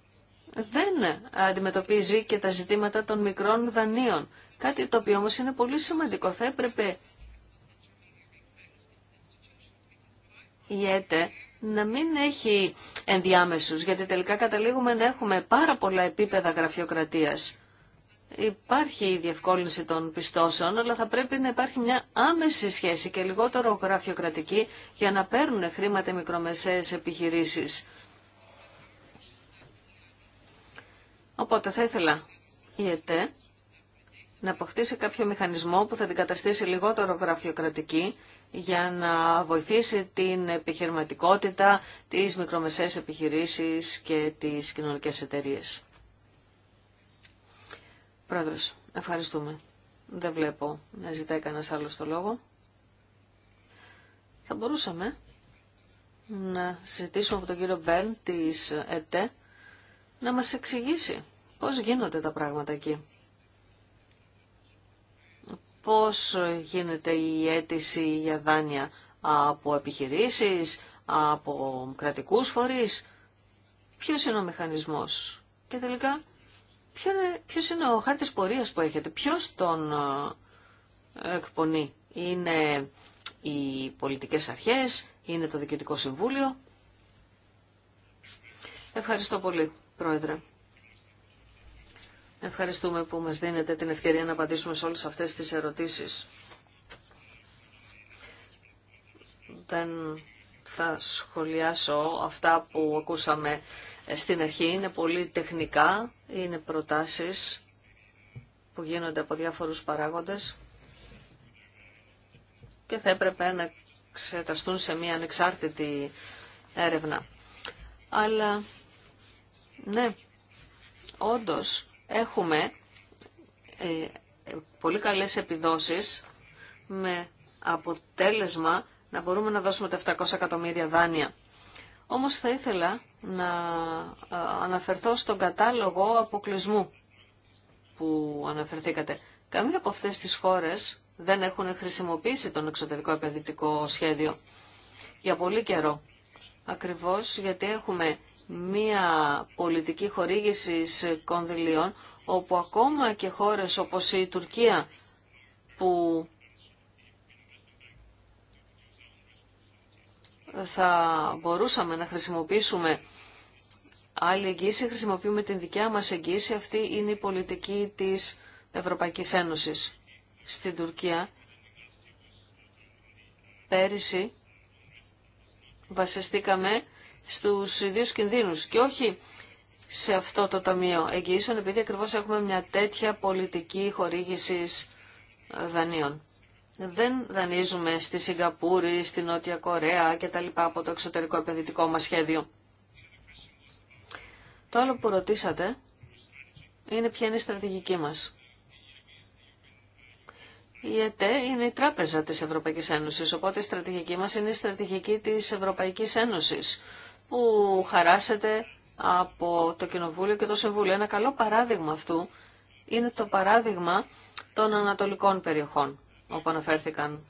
δεν αντιμετωπίζει και τα ζητήματα των μικρών δανείων. Κάτι το οποίο όμως είναι πολύ σημαντικό. Θα έπρεπε η ΕΤΕ να μην έχει ενδιάμεσους, γιατί τελικά καταλήγουμε να έχουμε πάρα πολλά επίπεδα γραφειοκρατίας υπάρχει η διευκόλυνση των πιστώσεων, αλλά θα πρέπει να υπάρχει μια άμεση σχέση και λιγότερο γραφειοκρατική για να παίρνουν χρήματα μικρομεσαίες επιχειρήσεις. Οπότε θα ήθελα η ΕΤΕ να αποκτήσει κάποιο μηχανισμό που θα την καταστήσει λιγότερο γραφειοκρατική για να βοηθήσει την επιχειρηματικότητα, τις μικρομεσαίες επιχειρήσεις και τις κοινωνικές εταιρείες. Πρόεδρος, ευχαριστούμε. Δεν βλέπω να ζητάει κανένας άλλος το λόγο. Θα μπορούσαμε να συζητήσουμε από τον κύριο Μπέρν της ΕΤΕ να μας εξηγήσει πώς γίνονται τα πράγματα εκεί. Πώς γίνεται η αίτηση για δάνεια από επιχειρήσεις, από κρατικούς φορείς, ποιος είναι ο μηχανισμός. Και τελικά ποιο είναι, ποιος είναι ο χάρτης πορείας που έχετε, ποιος τον ε, εκπονεί. Είναι οι πολιτικές αρχές, είναι το διοικητικό Συμβούλιο. Ευχαριστώ πολύ, Πρόεδρε. Ευχαριστούμε που μας δίνετε την ευκαιρία να απαντήσουμε σε όλες αυτές τις ερωτήσεις. Δεν θα σχολιάσω αυτά που ακούσαμε στην αρχή, είναι πολύ τεχνικά, είναι προτάσεις που γίνονται από διάφορους παράγοντες και θα έπρεπε να εξεταστούν σε μια ανεξάρτητη έρευνα. Αλλά, ναι, όντως έχουμε ε, πολύ καλές επιδόσεις με αποτέλεσμα να μπορούμε να δώσουμε τα 700 εκατομμύρια δάνεια. Όμως θα ήθελα να ε, αναφερθώ στον κατάλογο αποκλεισμού που αναφερθήκατε. Καμία από αυτές τις χώρες δεν έχουν χρησιμοποιήσει τον εξωτερικό επενδυτικό σχέδιο για πολύ καιρό. Ακριβώς γιατί έχουμε μία πολιτική χορήγηση κονδυλίων όπου ακόμα και χώρες όπως η Τουρκία που θα μπορούσαμε να χρησιμοποιήσουμε άλλη εγγύηση, χρησιμοποιούμε την δικιά μας εγγύηση, αυτή είναι η πολιτική της Ευρωπαϊκής Ένωσης στην Τουρκία. Πέρυσι βασιστήκαμε στους ιδίους κινδύνους και όχι σε αυτό το Ταμείο Εγγυήσεων, επειδή ακριβώς έχουμε μια τέτοια πολιτική χορήγησης δανείων δεν δανείζουμε στη Σιγκαπούρη, στη Νότια Κορέα και τα λοιπά από το εξωτερικό επενδυτικό μας σχέδιο. Το άλλο που ρωτήσατε είναι ποια είναι η στρατηγική μας. Η ΕΤΕ είναι η τράπεζα της Ευρωπαϊκής Ένωσης, οπότε η στρατηγική μας είναι η στρατηγική της Ευρωπαϊκής Ένωσης, που χαράσεται από το Κοινοβούλιο και το Συμβούλιο. Ένα καλό παράδειγμα αυτού είναι το παράδειγμα των ανατολικών περιοχών όπου αναφέρθηκαν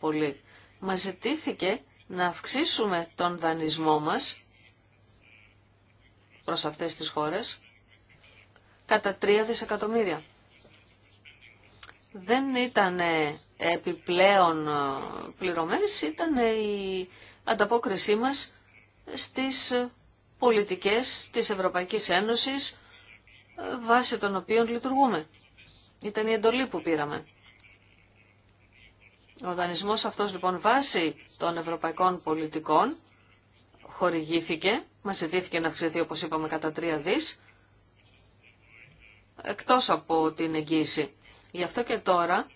πολλοί. Μας ζητήθηκε να αυξήσουμε τον δανεισμό μας προς αυτές τις χώρες κατά 3 δισεκατομμύρια. Δεν ήταν επιπλέον ε, πληρωμές, ήταν η ανταπόκρισή μας στις πολιτικές της Ευρωπαϊκής Ένωσης ε, βάσει των οποίων λειτουργούμε. Ήταν η εντολή που πήραμε. Ο δανεισμός αυτός λοιπόν βάσει των ευρωπαϊκών πολιτικών χορηγήθηκε, μας ζητήθηκε να αυξηθεί όπως είπαμε κατά τρία δις, εκτός από την εγγύηση. Γι' αυτό και τώρα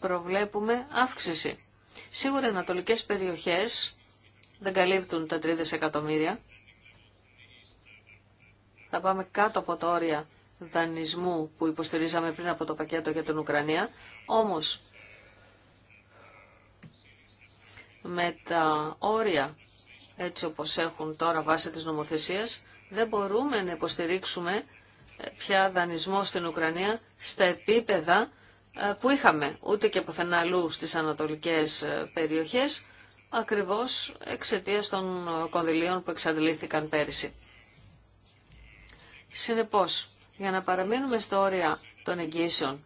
προβλέπουμε αύξηση. Σίγουρα οι ανατολικές περιοχές δεν καλύπτουν τα 3 δισεκατομμύρια. Θα πάμε κάτω από τα όρια δανεισμού που υποστηρίζαμε πριν από το πακέτο για την Ουκρανία. Όμως με τα όρια έτσι όπως έχουν τώρα βάσει της νομοθεσίας, δεν μπορούμε να υποστηρίξουμε ε, πια δανεισμό στην Ουκρανία στα επίπεδα ε, που είχαμε, ούτε και ποθενά αλλού στις ανατολικές ε, περιοχές, ακριβώς εξαιτίας των κονδυλίων που εξαντλήθηκαν πέρυσι. Συνεπώς, για να παραμείνουμε στα όρια των εγγύσεων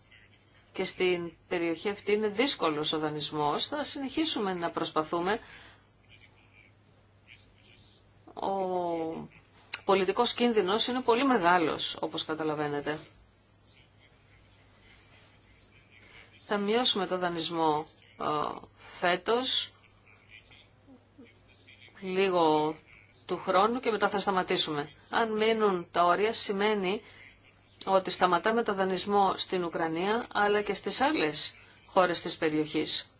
και στην περιοχή αυτή είναι δύσκολος ο δανεισμός. Θα συνεχίσουμε να προσπαθούμε. Ο πολιτικός κίνδυνος είναι πολύ μεγάλος, όπως καταλαβαίνετε. Θα μειώσουμε το δανεισμό ε, φέτος, λίγο του χρόνου και μετά θα σταματήσουμε. Αν μείνουν τα όρια σημαίνει ότι σταματάμε το δανεισμό στην Ουκρανία αλλά και στις άλλες χώρες της περιοχής.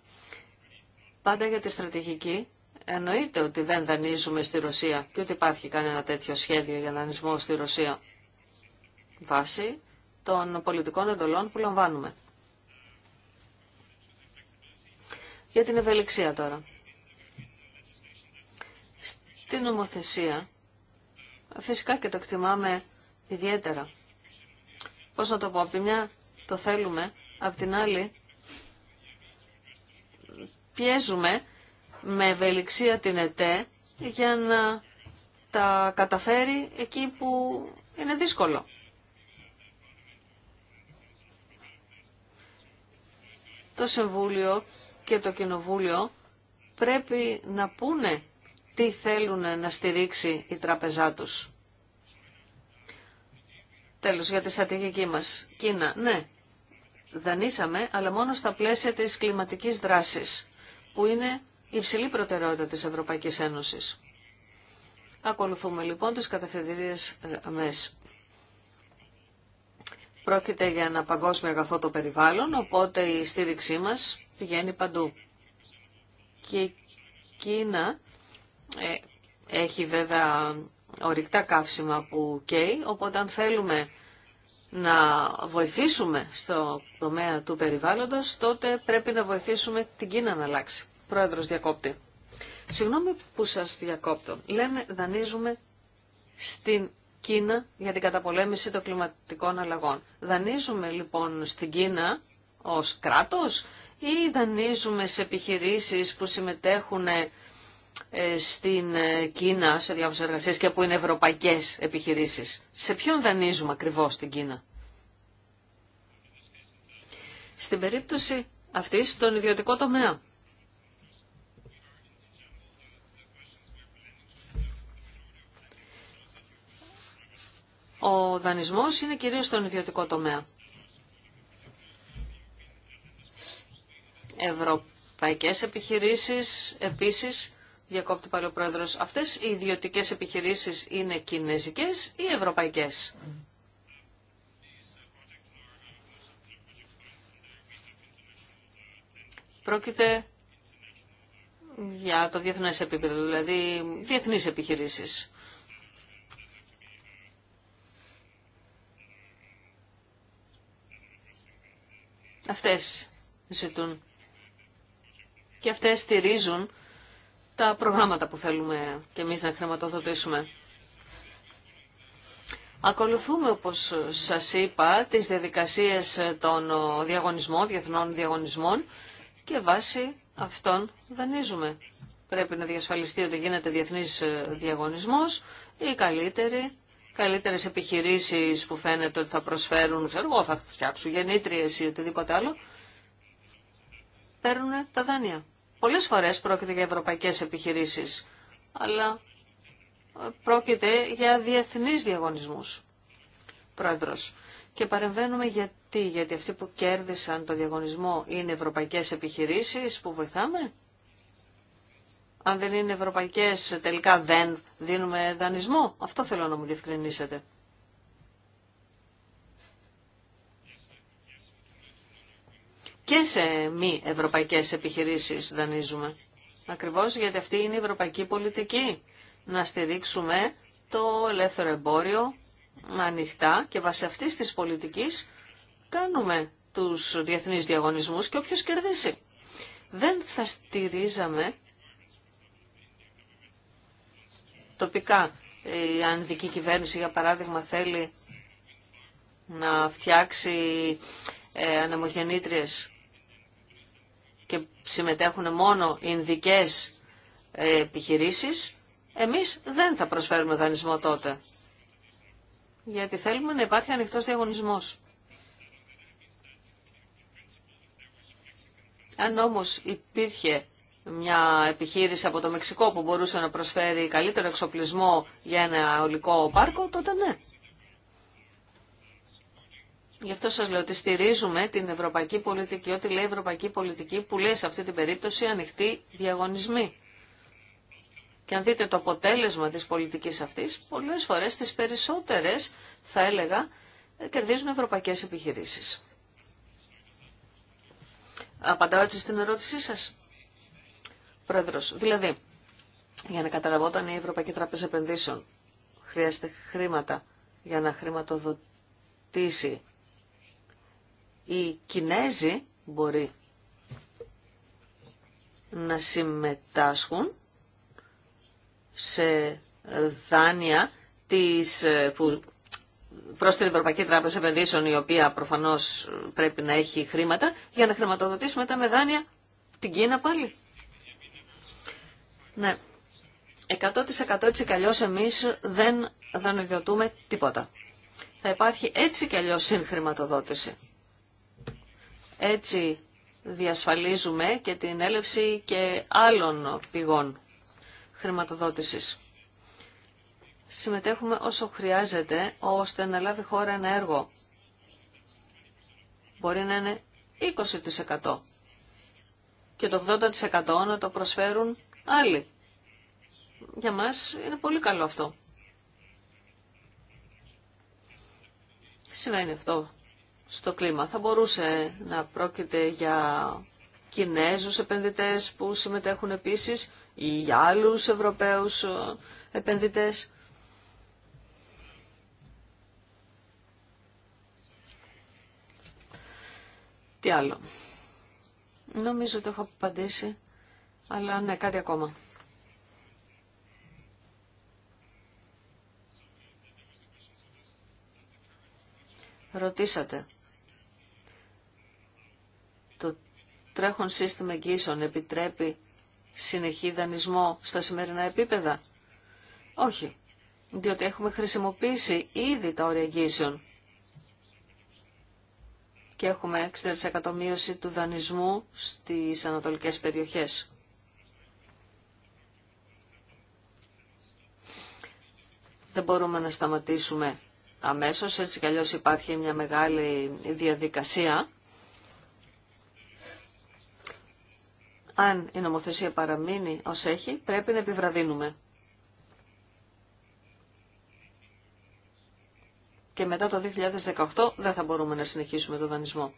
Πάντα για τη στρατηγική εννοείται ότι δεν δανείζουμε στη Ρωσία και ότι υπάρχει κανένα τέτοιο σχέδιο για δανεισμό στη Ρωσία βάσει των πολιτικών εντολών που λαμβάνουμε. Για την ευελιξία τώρα. Στην νομοθεσία φυσικά και το εκτιμάμε ιδιαίτερα πώς να το πω, από μια το θέλουμε, απ' την άλλη πιέζουμε με ευελιξία την ΕΤΕ για να τα καταφέρει εκεί που είναι δύσκολο. Το Συμβούλιο και το Κοινοβούλιο πρέπει να πούνε τι θέλουν να στηρίξει η τραπεζά τους. Τέλος, για τη στρατηγική μας. Κίνα, ναι, δανείσαμε, αλλά μόνο στα πλαίσια της κλιματικής δράσης, που είναι υψηλή προτεραιότητα της Ευρωπαϊκής Ένωσης. Ακολουθούμε λοιπόν τις καταφεδρίες ε, αμέσως. Πρόκειται για ένα παγκόσμιο αγαθό το περιβάλλον, οπότε η στήριξή μας πηγαίνει παντού. Και η Κίνα ε, έχει βέβαια ορυκτά καύσιμα που καίει, οπότε αν θέλουμε να βοηθήσουμε στο τομέα του περιβάλλοντος, τότε πρέπει να βοηθήσουμε την Κίνα να αλλάξει. Πρόεδρος διακόπτη. Συγγνώμη που σας διακόπτω. Λέμε δανείζουμε στην Κίνα για την καταπολέμηση των κλιματικών αλλαγών. Δανείζουμε λοιπόν στην Κίνα ως κράτος ή δανείζουμε σε επιχειρήσεις που συμμετέχουν ε, στην ε, Κίνα σε διάφορες εργασίες και που είναι ευρωπαϊκές επιχειρήσεις. Σε ποιον δανείζουμε ακριβώς στην Κίνα. Στην περίπτωση αυτή στον ιδιωτικό τομέα. Ο δανεισμός είναι κυρίως στον ιδιωτικό τομέα. Ευρωπαϊκές επιχειρήσεις επίσης Διακόπτη πάλι ο πρόεδρο, αυτές οι ιδιωτικές επιχειρήσεις είναι κινέζικες ή ευρωπαϊκές. Πρόκειται για το διεθνές επίπεδο, δηλαδή διεθνείς επιχειρήσεις. Αυτές ζητούν. Και αυτές στηρίζουν τα προγράμματα που θέλουμε και εμείς να χρηματοδοτήσουμε. Ακολουθούμε, όπως σας είπα, τις διαδικασίες των διαγωνισμών, διεθνών διαγωνισμών και βάσει αυτών δανείζουμε. Πρέπει να διασφαλιστεί ότι γίνεται διεθνής διαγωνισμός ή καλύτεροι, καλύτερες επιχειρήσει που φαίνεται ότι θα προσφέρουν, ξέρω εγώ, θα φτιάξουν γεννήτριε ή οτιδήποτε άλλο, παίρνουν τα δάνεια. Πολλές φορές πρόκειται για ευρωπαϊκές επιχειρήσεις, αλλά πρόκειται για διεθνείς διαγωνισμούς, πρόεδρος. Και παρεμβαίνουμε γιατί, γιατί αυτοί που κέρδισαν το διαγωνισμό είναι ευρωπαϊκές επιχειρήσεις που βοηθάμε. Αν δεν είναι ευρωπαϊκές, τελικά δεν δίνουμε δανεισμό. Αυτό θέλω να μου διευκρινίσετε. και σε μη ευρωπαϊκές επιχειρήσεις δανείζουμε. Ακριβώς γιατί αυτή είναι η ευρωπαϊκή πολιτική. Να στηρίξουμε το ελεύθερο εμπόριο ανοιχτά και βάσει αυτής της πολιτικής κάνουμε τους διεθνείς διαγωνισμούς και όποιος κερδίσει. Δεν θα στηρίζαμε τοπικά ε, η ανδική κυβέρνηση για παράδειγμα θέλει να φτιάξει ε, συμμετέχουν μόνο ειδικέ ε, επιχειρήσεις, εμείς δεν θα προσφέρουμε δανεισμό τότε. Γιατί θέλουμε να υπάρχει ανοιχτός διαγωνισμός. Αν όμως υπήρχε μια επιχείρηση από το Μεξικό που μπορούσε να προσφέρει καλύτερο εξοπλισμό για ένα ολικό πάρκο, τότε ναι. Γι' αυτό σας λέω ότι στηρίζουμε την ευρωπαϊκή πολιτική, ό,τι λέει η ευρωπαϊκή πολιτική που λέει σε αυτή την περίπτωση ανοιχτή διαγωνισμή. Και αν δείτε το αποτέλεσμα της πολιτικής αυτής, πολλές φορές τις περισσότερες, θα έλεγα, κερδίζουν ευρωπαϊκές επιχειρήσεις. Απαντάω έτσι στην ερώτησή σας. Πρόεδρος, δηλαδή, για να καταλαβόταν η Ευρωπαϊκή Τράπεζα Επενδύσεων, χρειάζεται χρήματα για να χρηματοδοτήσει οι Κινέζοι μπορεί να συμμετάσχουν σε δάνεια της, ε, που προς την Ευρωπαϊκή Τράπεζα Επενδύσεων, η οποία προφανώς πρέπει να έχει χρήματα, για να χρηματοδοτήσει μετά με δάνεια την Κίνα πάλι. Ναι, 100% έτσι κι αλλιώς εμείς δεν δανειοδοτούμε τίποτα. Θα υπάρχει έτσι κι αλλιώς συγχρηματοδότηση. Έτσι διασφαλίζουμε και την έλευση και άλλων πηγών χρηματοδότησης. Συμμετέχουμε όσο χρειάζεται ώστε να λάβει χώρα ένα έργο. Μπορεί να είναι 20% και το 80% να το προσφέρουν άλλοι. Για μας είναι πολύ καλό αυτό. Σημαίνει αυτό στο κλίμα. Θα μπορούσε να πρόκειται για Κινέζους επενδυτές που συμμετέχουν επίσης ή για άλλους Ευρωπαίους ε, επενδυτές. Τι άλλο. Νομίζω ότι έχω απαντήσει, αλλά ναι, κάτι ακόμα. Ρωτήσατε τρέχον σύστημα εγγύσεων επιτρέπει συνεχή δανεισμό στα σημερινά επίπεδα. Όχι, διότι έχουμε χρησιμοποιήσει ήδη τα όρια εγγύσεων και έχουμε 60% μείωση του δανεισμού στις ανατολικές περιοχές. Δεν μπορούμε να σταματήσουμε αμέσως, έτσι κι υπάρχει μια μεγάλη διαδικασία αν η νομοθεσία παραμείνει ως έχει, πρέπει να επιβραδύνουμε. Και μετά το 2018 δεν θα μπορούμε να συνεχίσουμε το δανεισμό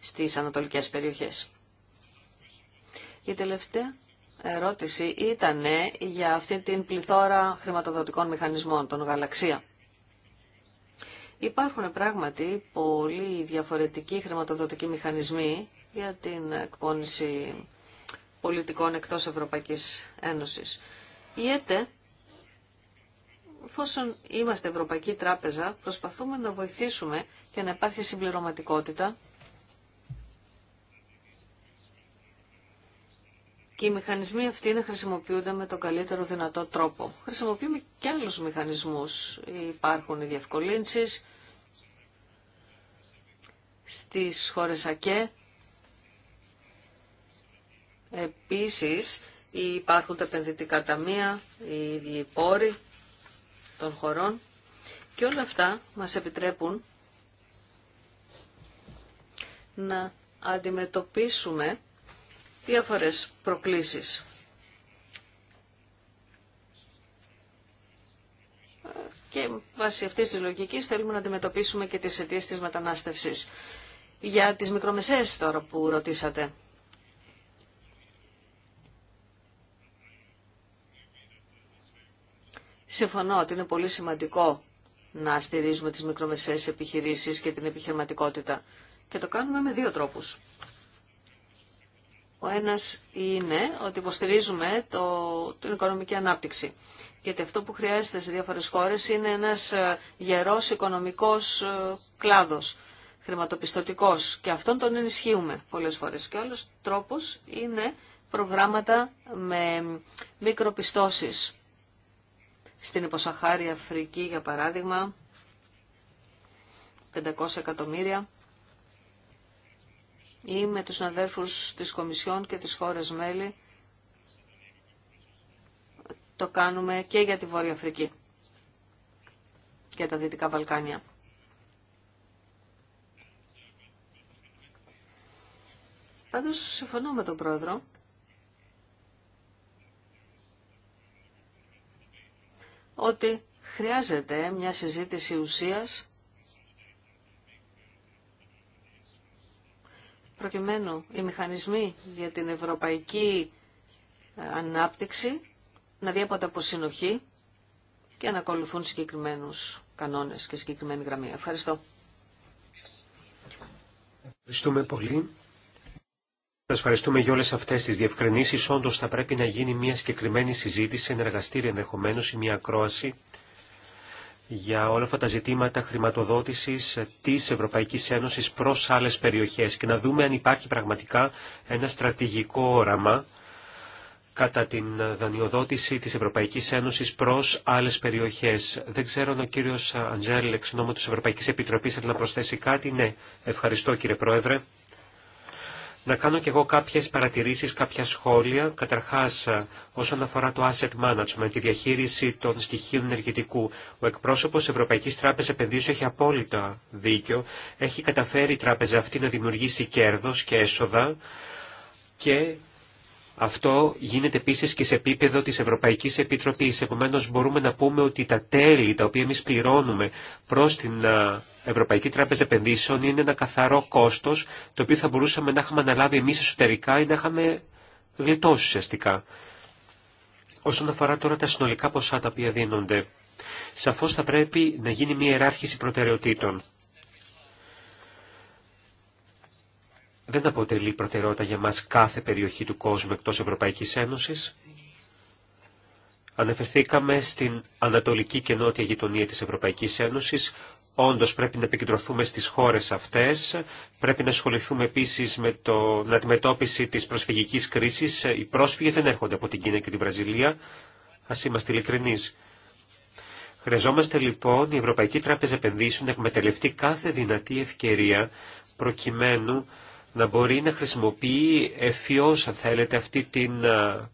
στις ανατολικές περιοχές. Η τελευταία ερώτηση ήταν για αυτή την πληθώρα χρηματοδοτικών μηχανισμών, τον Γαλαξία. Υπάρχουν πράγματι πολύ διαφορετικοί χρηματοδοτικοί μηχανισμοί για την εκπόνηση πολιτικών εκτός Ευρωπαϊκής Ένωσης. Η ΕΤΕ, εφόσον είμαστε Ευρωπαϊκή Τράπεζα, προσπαθούμε να βοηθήσουμε και να υπάρχει συμπληρωματικότητα και οι μηχανισμοί αυτοί να χρησιμοποιούνται με τον καλύτερο δυνατό τρόπο. Χρησιμοποιούμε και άλλους μηχανισμούς. Υπάρχουν οι διευκολύνσεις στις χώρες ΑΚΕ, Επίσης υπάρχουν τα επενδυτικά ταμεία, οι ίδιοι πόροι των χωρών και όλα αυτά μας επιτρέπουν να αντιμετωπίσουμε διάφορες προκλήσεις. Και βάσει αυτής της λογικής θέλουμε να αντιμετωπίσουμε και τις αιτίες της μετανάστευσης. Για τις μικρομεσαίες τώρα που ρωτήσατε. Συμφωνώ ότι είναι πολύ σημαντικό να στηρίζουμε τις μικρομεσαίες επιχειρήσεις και την επιχειρηματικότητα. Και το κάνουμε με δύο τρόπους. Ο ένας είναι ότι υποστηρίζουμε το, την οικονομική ανάπτυξη. Γιατί αυτό που χρειάζεται σε διάφορες χώρες είναι ένας ε, γερός οικονομικός ε, κλάδος, χρηματοπιστωτικός. Και αυτόν τον ενισχύουμε πολλές φορές. Και ο άλλος τρόπος είναι προγράμματα με μικροπιστώσεις στην υποσαχάρια Αφρική, για παράδειγμα, 500 εκατομμύρια ή με τους αδέρφους της Κομισιόν και της χώρες μέλη το κάνουμε και για τη Βόρεια Αφρική και τα Δυτικά Βαλκάνια. Πάντως συμφωνώ με τον Πρόεδρο ότι χρειάζεται μια συζήτηση ουσίας προκειμένου οι μηχανισμοί για την ευρωπαϊκή ε, ανάπτυξη να διέπονται από συνοχή και να ακολουθούν συγκεκριμένους κανόνες και συγκεκριμένη γραμμή. Ευχαριστώ. Ευχαριστούμε πολύ ευχαριστούμε για όλε αυτέ τι διευκρινήσει. όντω θα πρέπει να γίνει μια συγκεκριμένη συζήτηση, ένα εργαστήριο ενδεχομένω ή μια ακρόαση για όλα αυτά τα ζητήματα χρηματοδότηση τη Ευρωπαϊκή Ένωση προ άλλε περιοχέ και να δούμε αν υπάρχει πραγματικά ένα στρατηγικό όραμα κατά την δανειοδότηση της Ευρωπαϊκής Ένωσης προς άλλες περιοχές. Δεν ξέρω αν ο κύριος Αντζέλ, εξ νόμου της Ευρωπαϊκής Επιτροπής, θέλει να προσθέσει κάτι. Ναι, ευχαριστώ κύριε Πρόεδρε να κάνω κι εγώ κάποιες παρατηρήσεις, κάποια σχόλια, καταρχάς ε, όσον αφορά το asset management, τη διαχείριση των στοιχείων ενεργητικού. Ο εκπρόσωπος Ευρωπαϊκής Τράπεζας Επενδύσεων έχει απόλυτα δίκιο. Έχει καταφέρει η τράπεζα αυτή να δημιουργήσει κέρδος και έσοδα και αυτό γίνεται επίσης και σε επίπεδο της Ευρωπαϊκής Επιτροπής. Επομένως μπορούμε να πούμε ότι τα τέλη τα οποία εμείς πληρώνουμε προς την Ευρωπαϊκή Τράπεζα Επενδύσεων είναι ένα καθαρό κόστος το οποίο θα μπορούσαμε να είχαμε αναλάβει εμείς εσωτερικά ή να είχαμε γλιτώσει ουσιαστικά. Όσον αφορά τώρα τα συνολικά ποσά τα οποία δίνονται, σαφώς θα πρέπει να γίνει μια ιεράρχηση προτεραιοτήτων. δεν αποτελεί προτεραιότητα για μας κάθε περιοχή του κόσμου εκτός Ευρωπαϊκής Ένωσης. Αναφερθήκαμε στην ανατολική και νότια γειτονία της Ευρωπαϊκής Ένωσης. Όντως πρέπει να επικεντρωθούμε στις χώρες αυτές. Πρέπει να ασχοληθούμε επίσης με την αντιμετώπιση της προσφυγικής κρίσης. Οι πρόσφυγες δεν έρχονται από την Κίνα και την Βραζιλία. Ας είμαστε ειλικρινείς. Χρειαζόμαστε λοιπόν η Ευρωπαϊκή Τράπεζα Επενδύσεων να εκμεταλλευτεί κάθε δυνατή ευκαιρία προκειμένου να μπορεί να χρησιμοποιεί εφιώς, αν θέλετε, αυτή την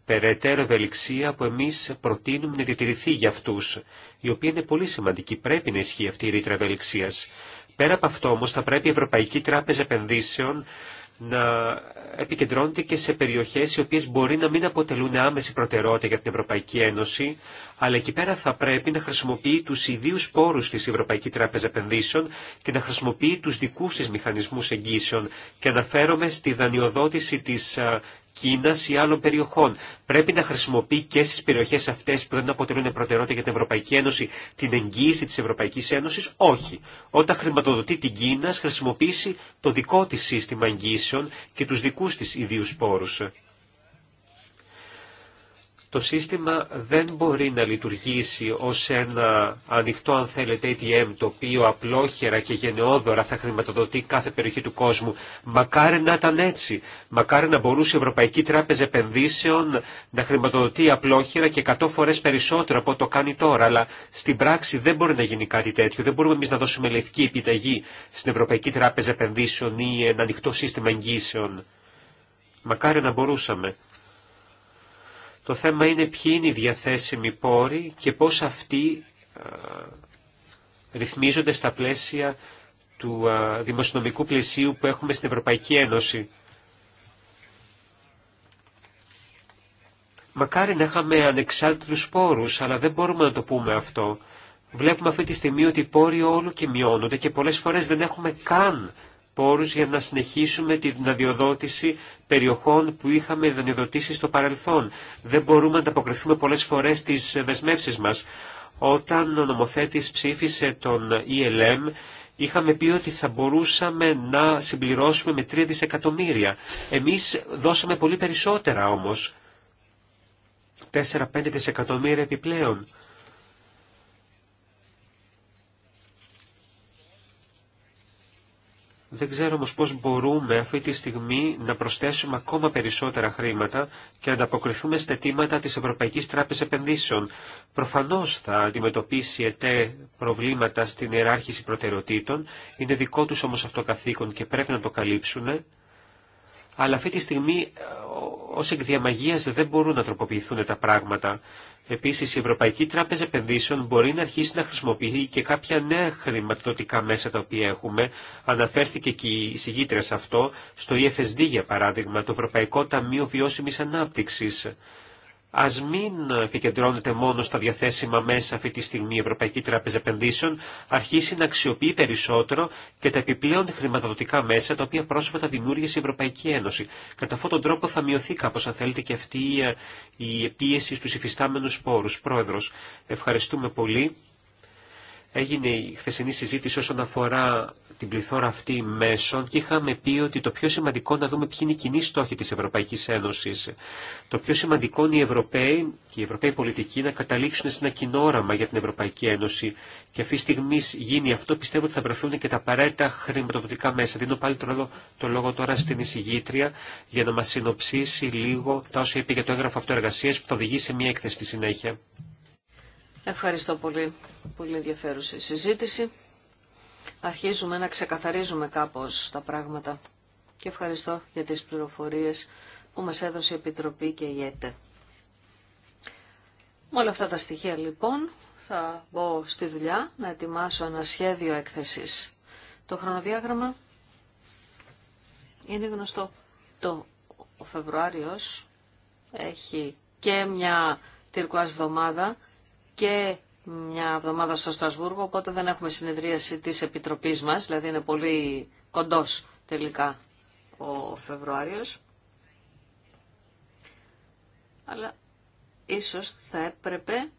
περαιτέρω ευελιξία που εμείς προτείνουμε να διατηρηθεί για αυτούς, η οποία είναι πολύ σημαντική. Πρέπει να ισχύει αυτή η ρήτρα ευελιξίας. Πέρα από αυτό όμως θα πρέπει η Ευρωπαϊκή Τράπεζα Επενδύσεων να επικεντρώνεται και σε περιοχές οι οποίες μπορεί να μην αποτελούν άμεση προτεραιότητα για την Ευρωπαϊκή Ένωση, αλλά εκεί πέρα θα πρέπει να χρησιμοποιεί τους ιδίους πόρους της Ευρωπαϊκή Τράπεζα Επενδύσεων και να χρησιμοποιεί τους δικούς της μηχανισμούς εγγύσεων. Και αναφέρομαι στη δανειοδότηση της ε, Κίνα ή άλλων περιοχών. Πρέπει να χρησιμοποιεί και στι περιοχές αυτές που δεν αποτελούν προτεραιότητα για την Ευρωπαϊκή Ένωση την εγγύηση της Ευρωπαϊκής Ένωσης. Όχι. Όταν χρηματοδοτεί την Κίνα, χρησιμοποιήσει το δικό της σύστημα εγγύσεων και τους δικούς της ιδίου πόρου το σύστημα δεν μπορεί να λειτουργήσει ως ένα ανοιχτό αν θέλετε ATM το οποίο απλόχερα και γενναιόδωρα θα χρηματοδοτεί κάθε περιοχή του κόσμου. Μακάρι να ήταν έτσι. Μακάρι να μπορούσε η Ευρωπαϊκή Τράπεζα Επενδύσεων να χρηματοδοτεί απλόχερα και 100 φορές περισσότερο από το κάνει τώρα. Αλλά στην πράξη δεν μπορεί να γίνει κάτι τέτοιο. Δεν μπορούμε εμείς να δώσουμε λευκή επιταγή στην Ευρωπαϊκή Τράπεζα Επενδύσεων ή ένα ανοιχτό σύστημα εγγύσεων. Μακάρι να μπορούσαμε. Το θέμα είναι ποιοι είναι οι διαθέσιμοι πόροι και πώς αυτοί ε, ρυθμίζονται στα πλαίσια του ε, δημοσιονομικού πλαισίου που έχουμε στην Ευρωπαϊκή Ένωση. Μακάρι να είχαμε ανεξάρτητους πόρους, αλλά δεν μπορούμε να το πούμε αυτό. Βλέπουμε αυτή τη στιγμή ότι οι πόροι όλο και μειώνονται και πολλές φορές δεν έχουμε καν πόρους για να συνεχίσουμε την αδειοδότηση περιοχών που είχαμε δανειοδοτήσει στο παρελθόν. Δεν μπορούμε να ανταποκριθούμε πολλές φορές στις δεσμεύσεις μας. Όταν ο νομοθέτης ψήφισε τον ELM, είχαμε πει ότι θα μπορούσαμε να συμπληρώσουμε με 3 δισεκατομμύρια. Εμείς δώσαμε πολύ περισσότερα όμως. 4-5 δισεκατομμύρια επιπλέον. Δεν ξέρω όμως πώς μπορούμε αυτή τη στιγμή να προσθέσουμε ακόμα περισσότερα χρήματα και να ανταποκριθούμε στα αιτήματα της Ευρωπαϊκής Τράπεζας Επενδύσεων. Προφανώς θα αντιμετωπίσει ΕΤΕ προβλήματα στην ιεράρχηση προτεραιοτήτων. Είναι δικό τους όμως αυτό καθήκον και πρέπει να το καλύψουνε αλλά αυτή τη στιγμή ε, ως εκδιαμαγείας δεν μπορούν να τροποποιηθούν τα πράγματα. Επίσης η Ευρωπαϊκή Τράπεζα Επενδύσεων μπορεί να αρχίσει να χρησιμοποιεί και κάποια νέα χρηματοδοτικά μέσα τα οποία έχουμε. Αναφέρθηκε και η συγγήτρια σε αυτό, στο EFSD για παράδειγμα, το Ευρωπαϊκό Ταμείο Βιώσιμης Ανάπτυξης. Α μην επικεντρώνεται μόνο στα διαθέσιμα μέσα αυτή τη στιγμή η Ευρωπαϊκή Τράπεζα Επενδύσεων, αρχίσει να αξιοποιεί περισσότερο και τα επιπλέον χρηματοδοτικά μέσα τα οποία πρόσφατα δημιούργησε η Ευρωπαϊκή Ένωση. Κατά αυτόν τον τρόπο θα μειωθεί κάπω, αν θέλετε, και αυτή η ε, πίεση στου υφιστάμενου πόρου. Πρόεδρο, ευχαριστούμε πολύ. Έγινε η χθεσινή συζήτηση όσον αφορά την πληθώρα αυτή μέσων και είχαμε πει ότι το πιο σημαντικό να δούμε ποιοι είναι οι κοινοί στόχοι της Ευρωπαϊκής Ένωσης. Το πιο σημαντικό είναι οι Ευρωπαίοι και οι Ευρωπαίοι πολιτικοί να καταλήξουν σε ένα κοινό όραμα για την Ευρωπαϊκή Ένωση και αυτή τη στιγμή γίνει αυτό πιστεύω ότι θα βρεθούν και τα απαραίτητα χρηματοδοτικά μέσα. Δίνω πάλι το λόγο, το λόγο τώρα στην εισηγήτρια για να μας συνοψίσει λίγο τα όσα είπε για το έγγραφο αυτοεργασίας που θα οδηγήσει μια έκθεση στη συνέχεια. Ευχαριστώ πολύ. Πολύ ενδιαφέρουσα η συζήτηση. Αρχίζουμε να ξεκαθαρίζουμε κάπως τα πράγματα. Και ευχαριστώ για τις πληροφορίες που μας έδωσε η Επιτροπή και η ΕΤΕ. Με όλα αυτά τα στοιχεία λοιπόν θα μπω στη δουλειά να ετοιμάσω ένα σχέδιο έκθεσης. Το χρονοδιάγραμμα είναι γνωστό. Το Φεβρουάριος έχει και μια τυρκουάς βδομάδα και μια εβδομάδα στο Στρασβούργο, οπότε δεν έχουμε συνεδρίαση της Επιτροπής μας, δηλαδή είναι πολύ κοντός τελικά ο Φεβρουάριος. Αλλά ίσως θα έπρεπε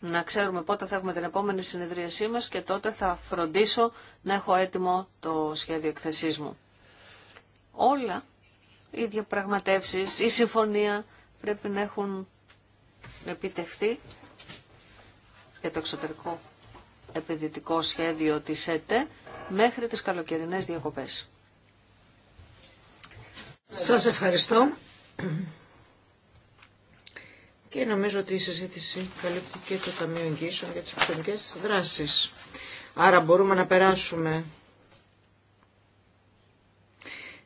να ξέρουμε πότε θα έχουμε την επόμενη συνεδρίασή μας και τότε θα φροντίσω να έχω έτοιμο το σχέδιο εκθεσής μου. Όλα οι διαπραγματεύσεις, η συμφωνία πρέπει να έχουν επιτευχθεί για το εξωτερικό επενδυτικό σχέδιο της ΕΤΕ μέχρι τις καλοκαιρινές διακοπές. Σας ευχαριστώ. Και νομίζω ότι η συζήτηση καλύπτει και το Ταμείο Εγγύσεων για τις εξωτερικές δράσεις. Άρα μπορούμε να περάσουμε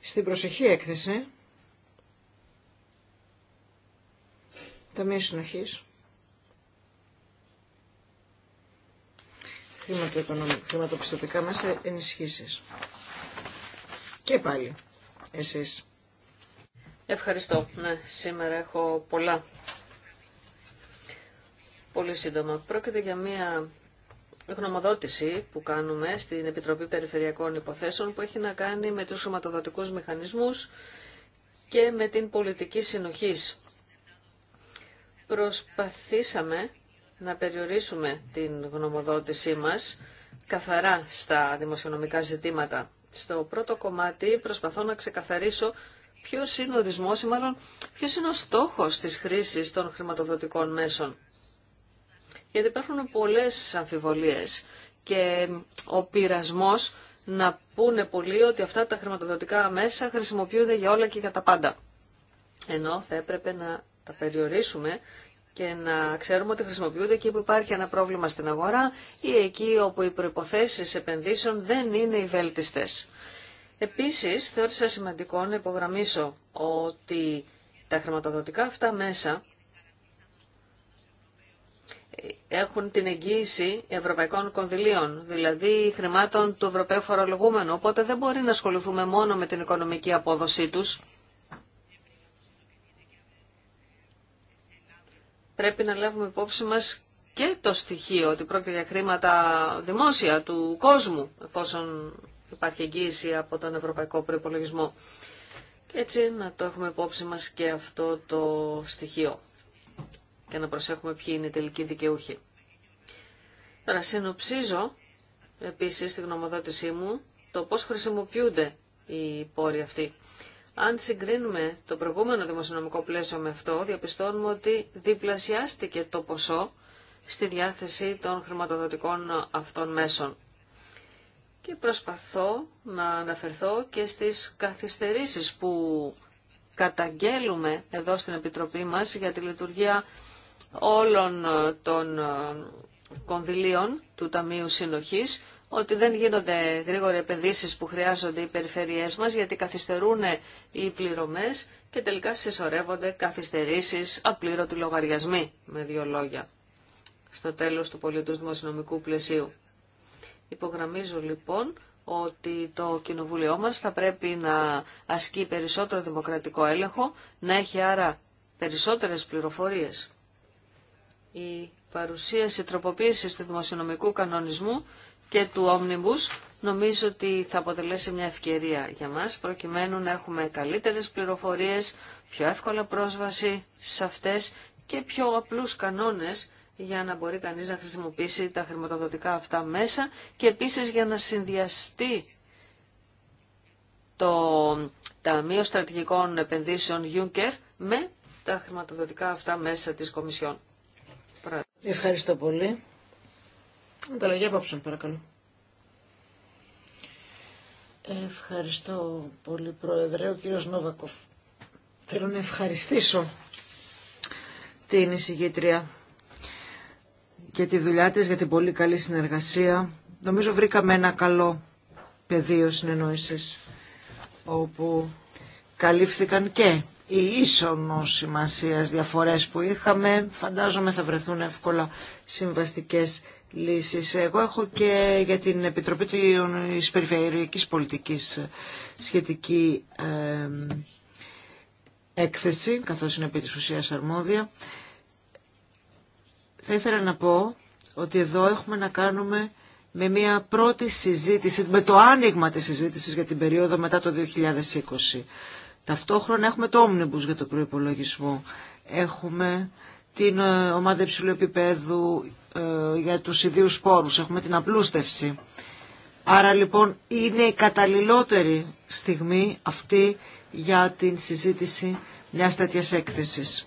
στην προσεχή έκθεση Ταμείο συνοχή. Χρηματοπιστωτικά μέσα ενισχύσει. Και πάλι εσείς. Ευχαριστώ. Ναι, σήμερα έχω πολλά. Πολύ σύντομα. Πρόκειται για μία γνωμοδότηση που κάνουμε στην Επιτροπή Περιφερειακών Υποθέσεων που έχει να κάνει με τους σωματοδοτικούς μηχανισμούς και με την πολιτική συνοχής Προσπαθήσαμε να περιορίσουμε την γνωμοδότησή μας καθαρά στα δημοσιονομικά ζητήματα. Στο πρώτο κομμάτι προσπαθώ να ξεκαθαρίσω ποιος είναι ο ορισμός ή μάλλον ποιος είναι ο στόχος της χρήσης των χρηματοδοτικών μέσων. Γιατί υπάρχουν πολλές αμφιβολίες και ο πειρασμός να πούνε πολλοί ότι αυτά τα χρηματοδοτικά μέσα χρησιμοποιούνται για όλα και για τα πάντα. Ενώ θα έπρεπε να τα περιορίσουμε και να ξέρουμε ότι χρησιμοποιούνται εκεί που υπάρχει ένα πρόβλημα στην αγορά ή εκεί όπου οι προϋποθέσεις επενδύσεων δεν είναι οι βέλτιστες. Επίσης, θεώρησα σημαντικό να υπογραμμίσω ότι τα χρηματοδοτικά αυτά μέσα έχουν την εγγύηση ευρωπαϊκών κονδυλίων, δηλαδή χρημάτων του Ευρωπαίου Φορολογούμενου, οπότε δεν μπορεί να ασχοληθούμε μόνο με την οικονομική απόδοσή τους, πρέπει να λάβουμε υπόψη μας και το στοιχείο ότι πρόκειται για χρήματα δημόσια του κόσμου, εφόσον υπάρχει εγγύηση από τον Ευρωπαϊκό Προϋπολογισμό. Και έτσι να το έχουμε υπόψη μας και αυτό το στοιχείο και να προσέχουμε ποιοι είναι οι τελικοί δικαιούχοι. Τώρα συνοψίζω επίσης τη γνωμοδότησή μου το πώς χρησιμοποιούνται οι πόροι αυτοί. Αν συγκρίνουμε το προηγούμενο δημοσιονομικό πλαίσιο με αυτό, διαπιστώνουμε ότι διπλασιάστηκε το ποσό στη διάθεση των χρηματοδοτικών αυτών μέσων. Και προσπαθώ να αναφερθώ και στις καθυστερήσεις που καταγγέλουμε εδώ στην Επιτροπή μας για τη λειτουργία όλων των κονδυλίων του Ταμείου Συνοχής ότι δεν γίνονται γρήγορα επενδύσει που χρειάζονται οι περιφερειέ μα γιατί καθυστερούν οι πληρωμέ και τελικά συσσωρεύονται καθυστερήσει απλήρωτοι λογαριασμοί, με δύο λόγια, στο τέλο του πολιτού δημοσιονομικού πλαισίου. Υπογραμμίζω λοιπόν ότι το κοινοβούλιο μας θα πρέπει να ασκεί περισσότερο δημοκρατικό έλεγχο, να έχει άρα περισσότερες πληροφορίες. Η παρουσίαση τροποποίησης του δημοσιονομικού κανονισμού και του Omnibus νομίζω ότι θα αποτελέσει μια ευκαιρία για μας προκειμένου να έχουμε καλύτερες πληροφορίες, πιο εύκολα πρόσβαση σε αυτές και πιο απλούς κανόνες για να μπορεί κανείς να χρησιμοποιήσει τα χρηματοδοτικά αυτά μέσα και επίσης για να συνδυαστεί το Ταμείο Στρατηγικών Επενδύσεων Juncker με τα χρηματοδοτικά αυτά μέσα της Κομισιόν. Ευχαριστώ πολύ. Ανταλλαγή απόψεων, παρακαλώ. Ευχαριστώ πολύ, Πρόεδρε. Ο κύριος Νόβακοφ. Θέλω να ευχαριστήσω την εισηγήτρια για τη δουλειά της, για την πολύ καλή συνεργασία. Νομίζω βρήκαμε ένα καλό πεδίο συνεννόησης, όπου καλύφθηκαν και οι ίσονος σημασίας διαφορές που είχαμε. Φαντάζομαι θα βρεθούν εύκολα συμβαστικές λύσεις. Εγώ έχω και για την Επιτροπή της Περιφερειακής Πολιτικής σχετική έκθεση, καθώς είναι επί της αρμόδια. Θα ήθελα να πω ότι εδώ έχουμε να κάνουμε με μια πρώτη συζήτηση, με το άνοιγμα της συζήτησης για την περίοδο μετά το 2020. Ταυτόχρονα έχουμε το όμνιμπους για το προϋπολογισμό. Έχουμε την ε, ομάδα υψηλού επίπεδου ε, για τους ιδίους σπόρους. Έχουμε την απλούστευση. Άρα λοιπόν είναι η καταλληλότερη στιγμή αυτή για την συζήτηση μιας τέτοιας έκθεσης.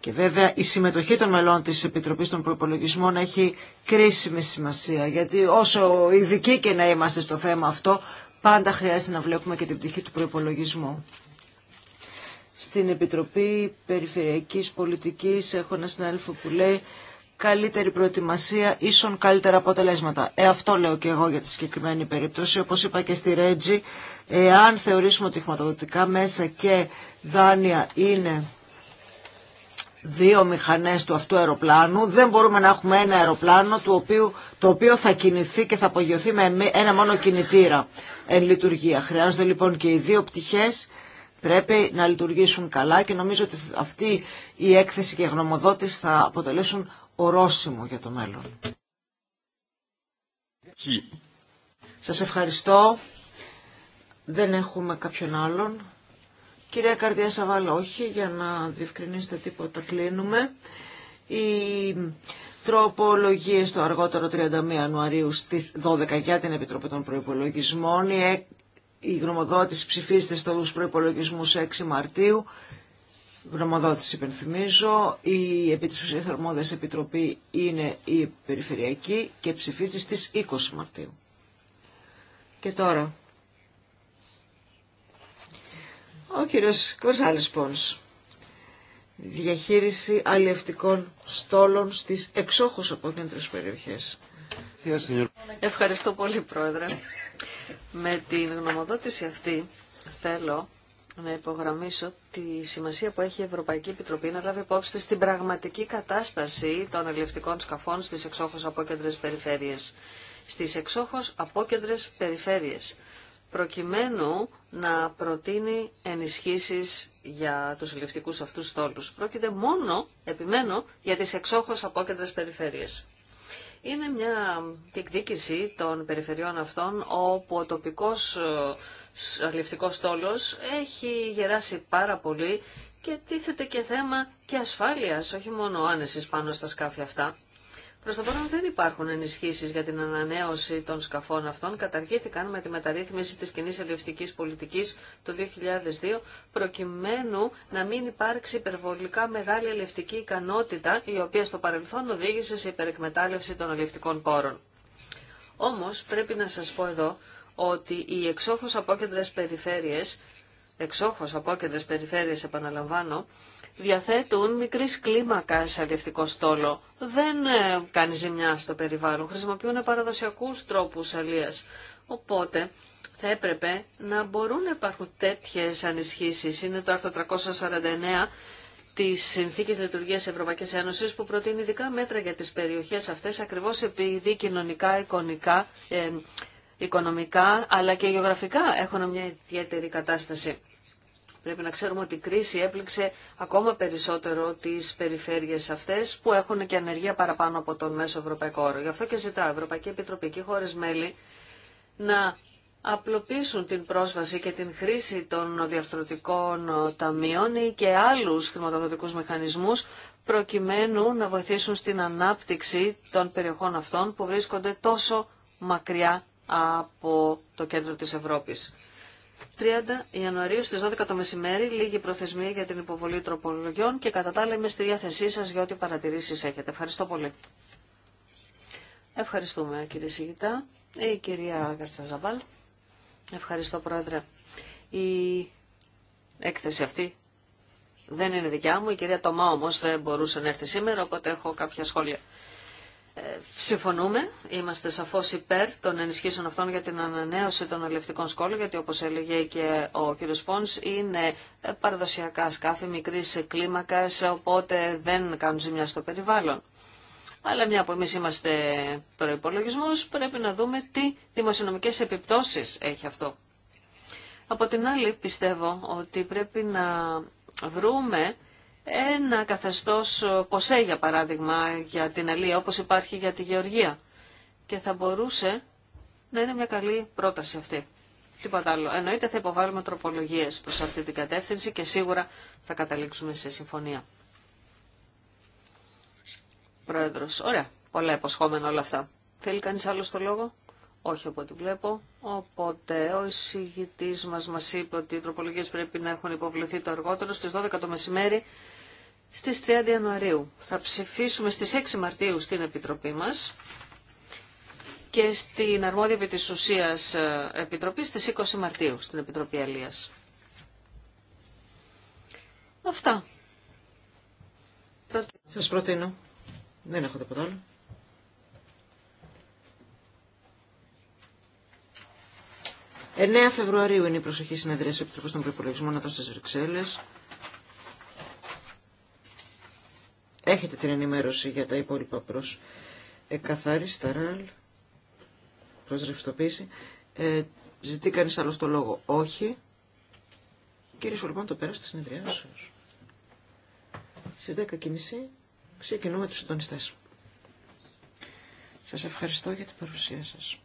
Και βέβαια η συμμετοχή των μελών της Επιτροπής των Προπολογισμών έχει κρίσιμη σημασία, γιατί όσο ειδικοί και να είμαστε στο θέμα αυτό, πάντα χρειάζεται να βλέπουμε και την πτυχή του προπολογισμού στην Επιτροπή Περιφερειακής Πολιτικής έχω ένα συνάδελφο που λέει καλύτερη προετοιμασία, ίσον καλύτερα αποτελέσματα. Ε, αυτό λέω και εγώ για τη συγκεκριμένη περίπτωση. Όπως είπα και στη Ρέτζη, εάν θεωρήσουμε ότι χρηματοδοτικά μέσα και δάνεια είναι δύο μηχανές του αυτού αεροπλάνου, δεν μπορούμε να έχουμε ένα αεροπλάνο το οποίο θα κινηθεί και θα απογειωθεί με ένα μόνο κινητήρα εν λειτουργία. Χρειάζονται λοιπόν και οι δύο πτυχές πρέπει να λειτουργήσουν καλά και νομίζω ότι αυτή η έκθεση και η γνωμοδότηση θα αποτελέσουν ορόσημο για το μέλλον. Σας ευχαριστώ. Δεν έχουμε κάποιον άλλον. Κυρία Καρδιά Σαβάλα, όχι, για να διευκρινίσετε τίποτα κλείνουμε. Η τροπολογίε το αργότερο 31 Ιανουαρίου στις 12 για την Επιτροπή των Προϋπολογισμών η γνωμοδότηση ψηφίστε στους προϋπολογισμούς 6 Μαρτίου. Γνωμοδότηση υπενθυμίζω. Η επίτηση της επιτροπή είναι η περιφερειακή και ψηφίζει στις 20 Μαρτίου. Και τώρα... Ο κύριος Κορσάλης Πόνς. Διαχείριση αλλιευτικών στόλων στις εξόχως αποκέντρες περιοχές. Ευχαριστώ πολύ, Πρόεδρε. Με την γνωμοδότηση αυτή θέλω να υπογραμμίσω τη σημασία που έχει η Ευρωπαϊκή Επιτροπή να λάβει υπόψη στην πραγματική κατάσταση των ελευτικών σκαφών στις εξόχως απόκεντρες περιφέρειες. Στις εξόχως απόκεντρες περιφέρειες προκειμένου να προτείνει ενισχύσεις για τους ελευτικούς αυτούς στόλους. Πρόκειται μόνο, επιμένω, για τις εξόχως απόκεντρες περιφέρειες. Είναι μια εκδίκηση των περιφερειών αυτών όπου ο τοπικός ε, αλληλευτικός στόλος έχει γεράσει πάρα πολύ και τίθεται και θέμα και ασφάλειας, όχι μόνο άνεσης πάνω στα σκάφη αυτά. Προ το παρόν δεν υπάρχουν ενισχύσει για την ανανέωση των σκαφών αυτών. Καταργήθηκαν με τη μεταρρύθμιση τη κοινή αλληλευτική πολιτική το 2002, προκειμένου να μην υπάρξει υπερβολικά μεγάλη αλληλευτική ικανότητα, η οποία στο παρελθόν οδήγησε σε υπερεκμετάλλευση των αλληλευτικών πόρων. Όμω, πρέπει να σα πω εδώ ότι οι εξόχω απόκεντρε περιφέρειες, εξόχω απόκεντρε περιφέρειες επαναλαμβάνω, διαθέτουν μικρής κλίμακας αλλιευτικό στόλο. Δεν ε, κάνει ζημιά στο περιβάλλον. Χρησιμοποιούν παραδοσιακούς τρόπους αλίας. Οπότε θα έπρεπε να μπορούν να υπάρχουν τέτοιες ανισχύσεις. Είναι το άρθρο 349 τη Συνθήκη Λειτουργία Ευρωπαϊκή Ένωση που προτείνει ειδικά μέτρα για τι περιοχέ αυτέ, ακριβώ επειδή κοινωνικά, ε, οικονομικά αλλά και γεωγραφικά έχουν μια ιδιαίτερη κατάσταση. Πρέπει να ξέρουμε ότι η κρίση έπληξε ακόμα περισσότερο τι περιφέρειες αυτέ, που έχουν και ανεργία παραπάνω από τον μέσο ευρωπαϊκό όρο. Γι' αυτό και ζητά η Ευρωπαϊκή Επιτροπή και οι χώρες μέλη να απλοποιήσουν την πρόσβαση και την χρήση των διαρθρωτικών ταμείων ή και άλλους χρηματοδοτικούς μηχανισμούς προκειμένου να βοηθήσουν στην ανάπτυξη των περιοχών αυτών που βρίσκονται τόσο μακριά από το κέντρο της Ευρώπης. 30 Ιανουαρίου στις 12 το μεσημέρι, λίγη προθεσμία για την υποβολή τροπολογιών και κατά τα άλλα είμαι στη διάθεσή σας για ό,τι παρατηρήσεις έχετε. Ευχαριστώ πολύ. Ευχαριστούμε κύριε Σιγητά. Ε, η κυρία Ζαμπάλ. Ευχαριστώ πρόεδρε. Η έκθεση αυτή δεν είναι δικιά μου. Η κυρία Τωμά όμως δεν μπορούσε να έρθει σήμερα, οπότε έχω κάποια σχόλια. Ε, συμφωνούμε, είμαστε σαφώς υπέρ των ενισχύσεων αυτών για την ανανέωση των ελευτικών σκόλων, γιατί όπως έλεγε και ο κ. Πόνς, είναι παραδοσιακά σκάφη μικρής κλίμακα οπότε δεν κάνουν ζημιά στο περιβάλλον. Αλλά μια που εμεί είμαστε προπολογισμού, πρέπει να δούμε τι δημοσιονομικές επιπτώσεις έχει αυτό. Από την άλλη, πιστεύω ότι πρέπει να βρούμε ένα καθεστώς ε, ποσέ για παράδειγμα για την Αλία όπως υπάρχει για τη Γεωργία και θα μπορούσε να είναι μια καλή πρόταση αυτή. Τίποτα άλλο. Εννοείται θα υποβάλουμε τροπολογίες προς αυτή την κατεύθυνση και σίγουρα θα καταλήξουμε σε συμφωνία. Πρόεδρος, ωραία. Πολλά υποσχόμενα όλα αυτά. Θέλει κανείς άλλο το λόγο. Όχι από ό,τι βλέπω. Οπότε ο εισηγητή μα μας είπε ότι οι τροπολογίε πρέπει να έχουν υποβληθεί το αργότερο στι 12 το μεσημέρι στι 30 Ιανουαρίου. Θα ψηφίσουμε στι 6 Μαρτίου στην Επιτροπή μα και στην αρμόδια επί της ουσίας ε, Επιτροπή στις 20 Μαρτίου, στην Επιτροπή Αλίας. Αυτά. Σας προτείνω. Δεν έχω τίποτα άλλο. 9 Φεβρουαρίου είναι η προσοχή συνεδρία τη Επιτροπή των Προπολογισμών εδώ στι Βρυξέλλε. Έχετε την ενημέρωση για τα υπόλοιπα προ εκαθάριση, ραλ, προ ρευστοποίηση. Ε, ζητεί κανεί άλλο το λόγο. Όχι. Κύριε λοιπόν, το πέρασε τη συνεδριά σα. Στι 10.30 ξεκινούμε του συντονιστέ. Σας ευχαριστώ για την παρουσία σας.